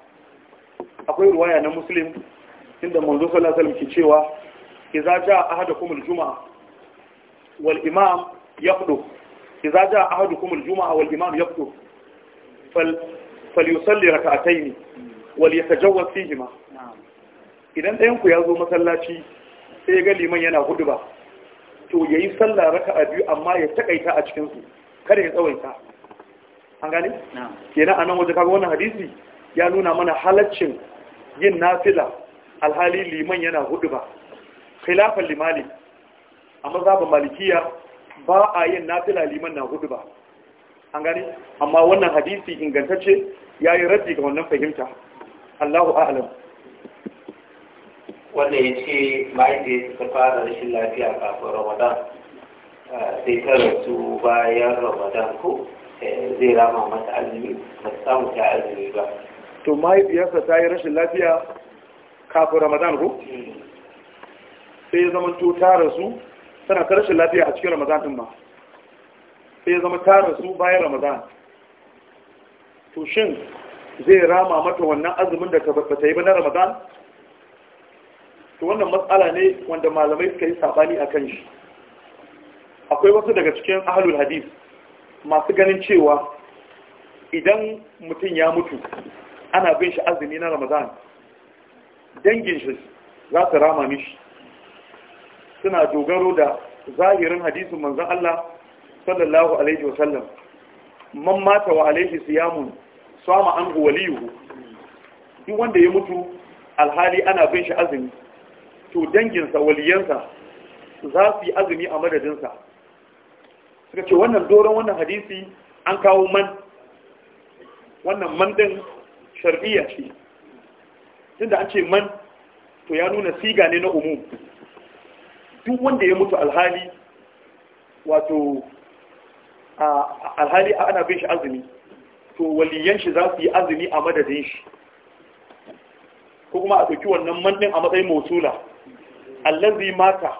akwai ruwaya na muslim inda manzo sallallahu alaihi wasallam ke cewa idza jaa ahadukum al-jum'a wal imam yaqdu idza jaa ahadukum al-jum'a wal imam yaqdu fal falyusalli rak'atayn yatajawwaz fihima idan ɗayan ku ya zo masallaci sai ga liman yana hudu ba to ya yi sallah raka a biyu amma ya takaita a cikinsu kada ya tsawaita an gani? kenan a nan waje kaga wannan hadisi ya nuna mana halaccin yin nafila alhali liman yana hudu ba khilafan limali a mazhabin malikiya ba a yin nafila liman na hudu ba an gani? amma wannan hadisi ingantacce ya yi raddi ga wannan fahimta Allahu a'lam wanda ya ce mahaifiyarsa ta fara rashin lafiya kafin ramadan sai ta rasu bayan ramadan ko eh, zai rama mata azumi ba ta samu ta azumi ba to mahaifiyarsa ta yi rashin lafiya kafin ramadan ko sai ya zama to ta rasu tana ta rashin lafiya a cikin ramadan din ma sai ya zama ta rasu bayan ramadan to shin zai rama mata wannan azumin da ta yi ba na ramadan to wannan matsala ne wanda malamai suka yi sabani a kan shi akwai wasu daga cikin ahlul hadis masu ganin cewa idan mutum ya mutu ana bin shi azumi na ramadan dangin shi za su rama mishi suna dogaro da zahirin hadisin manzan Allah sallallahu alaihi wasallam man mata wa alaihi siyamun sama an waliyu duk wanda ya mutu alhali ana bin shi azumi to danginsa waliyansa za su yi azumi a madadinsa suka ce wannan doron wannan hadisi an kawo man wannan man din shar'iyya ce tunda an ce man to ya nuna siga ne na umum duk wanda ya mutu alhali wato alhali ana bin shi azumi to waliyan shi za su yi azumi a madadin shi ko kuma a ɗauki wannan man din a matsayin motsula allazi mata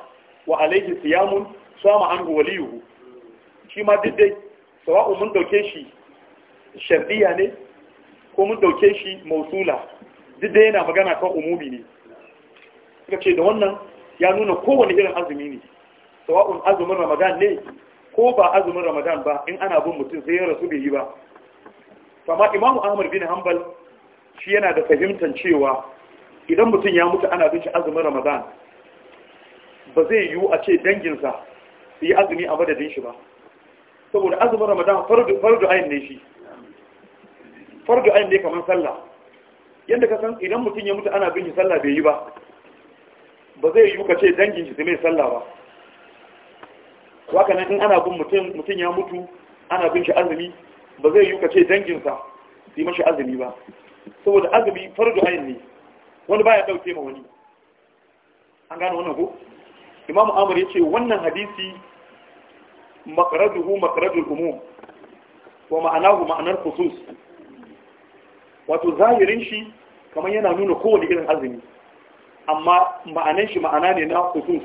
wa alaihi siyamun sama an waliyuhu shi ma diddai sawa'u mun dauke shi shardiya ne ko mun dauke shi mausula diddai yana magana kan umumi ne suka ce da wannan ya nuna kowane irin azumi ne sawa'un azumin ramadan ne ko ba azumin ramadan ba in ana bin mutum sai ya rasu bai yi ba amma imamu ahmad bin hanbal shi yana da fahimtar cewa idan mutum ya mutu ana bin shi azumin ramadan ba zai yiwu a ce danginsa su yi azumi a madadin shi ba saboda azumin ramadan fardu ayin ne shi fardu ayin ne kamar sallah yadda ka san idan mutum ya mutu ana bin shi sallah bai yi ba ba zai yiwu ka ce dangin shi su mai sallah ba wakanan in ana bin mutum ya mutu ana bin shi azumi ba zai yiwu ka ce danginsa su yi mashi azumi ba saboda azumi fardu ayin ne wani baya dauke ma wani an gano wannan ko imam amur ya ce wannan hadisi makaraduhu makaradul umum wa ma'anahu ma'anar khusus wato zahirin shi kamar yana nuna kowane irin azumi amma ma'anan shi ma'ana ne na khusus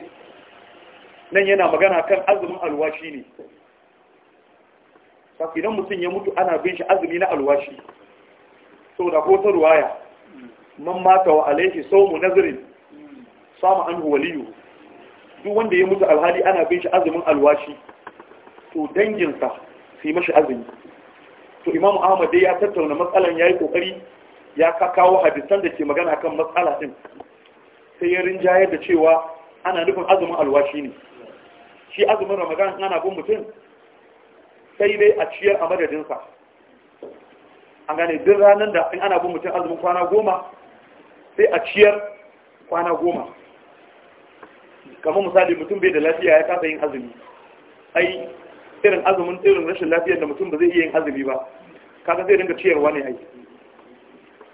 nan yana magana kan azumin alwashi ne saki idan mutum ya mutu ana bin shi azumi na alwashi sau ko ta ruwaya man mata wa alaihi mu nazirin samu an waliyu duk wanda ya mutu alhali ana bin shi azumin alwashi to danginsa su yi mashi azumi to imam ahmad dai ya tattauna matsalan ya yi kokari ya kawo hadisan da ke magana kan matsala din sai ya rinjayar da cewa ana nufin azumin alwashi ne shi azumin ramadan ana bin mutum sai dai a ciyar a madadinsa an gane duk ranar da in ana bin mutum azumin kwana goma sai a ciyar kwana goma kamar misali mutum bai da lafiya ya kasa yin azumi ai irin azumin irin rashin lafiyar da mutum ba zai iya yin azumi ba kaga zai dinga ciyarwa ne ai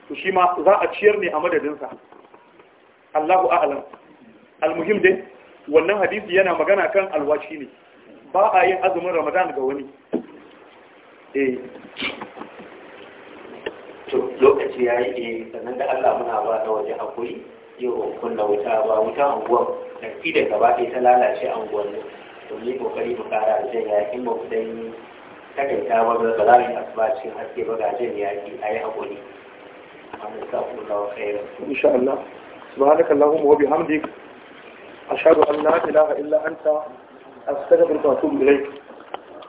to shi ma za a ciyar ne a madadinsa Allahu a'lam almuhim dai wannan hadisi yana magana kan alwashi ne ba a yin azumin Ramadan ga wani eh to lokaci yayi eh sannan da Allah muna ba da waje akwai. je kunna wuta ba wuta da fi da gaba ɗaya ta lalace ne to mu kokari mu kara da jan yaƙi ku dai takaita ba ba za mu yi asuba cikin haske ba ga jan yaƙi a yi haƙuri amma ta ku na wa khairu insha Allah سبحانك اللهم وبحمدك أشهد أن لا إله إلا أنت أستغفرك وأتوب إليك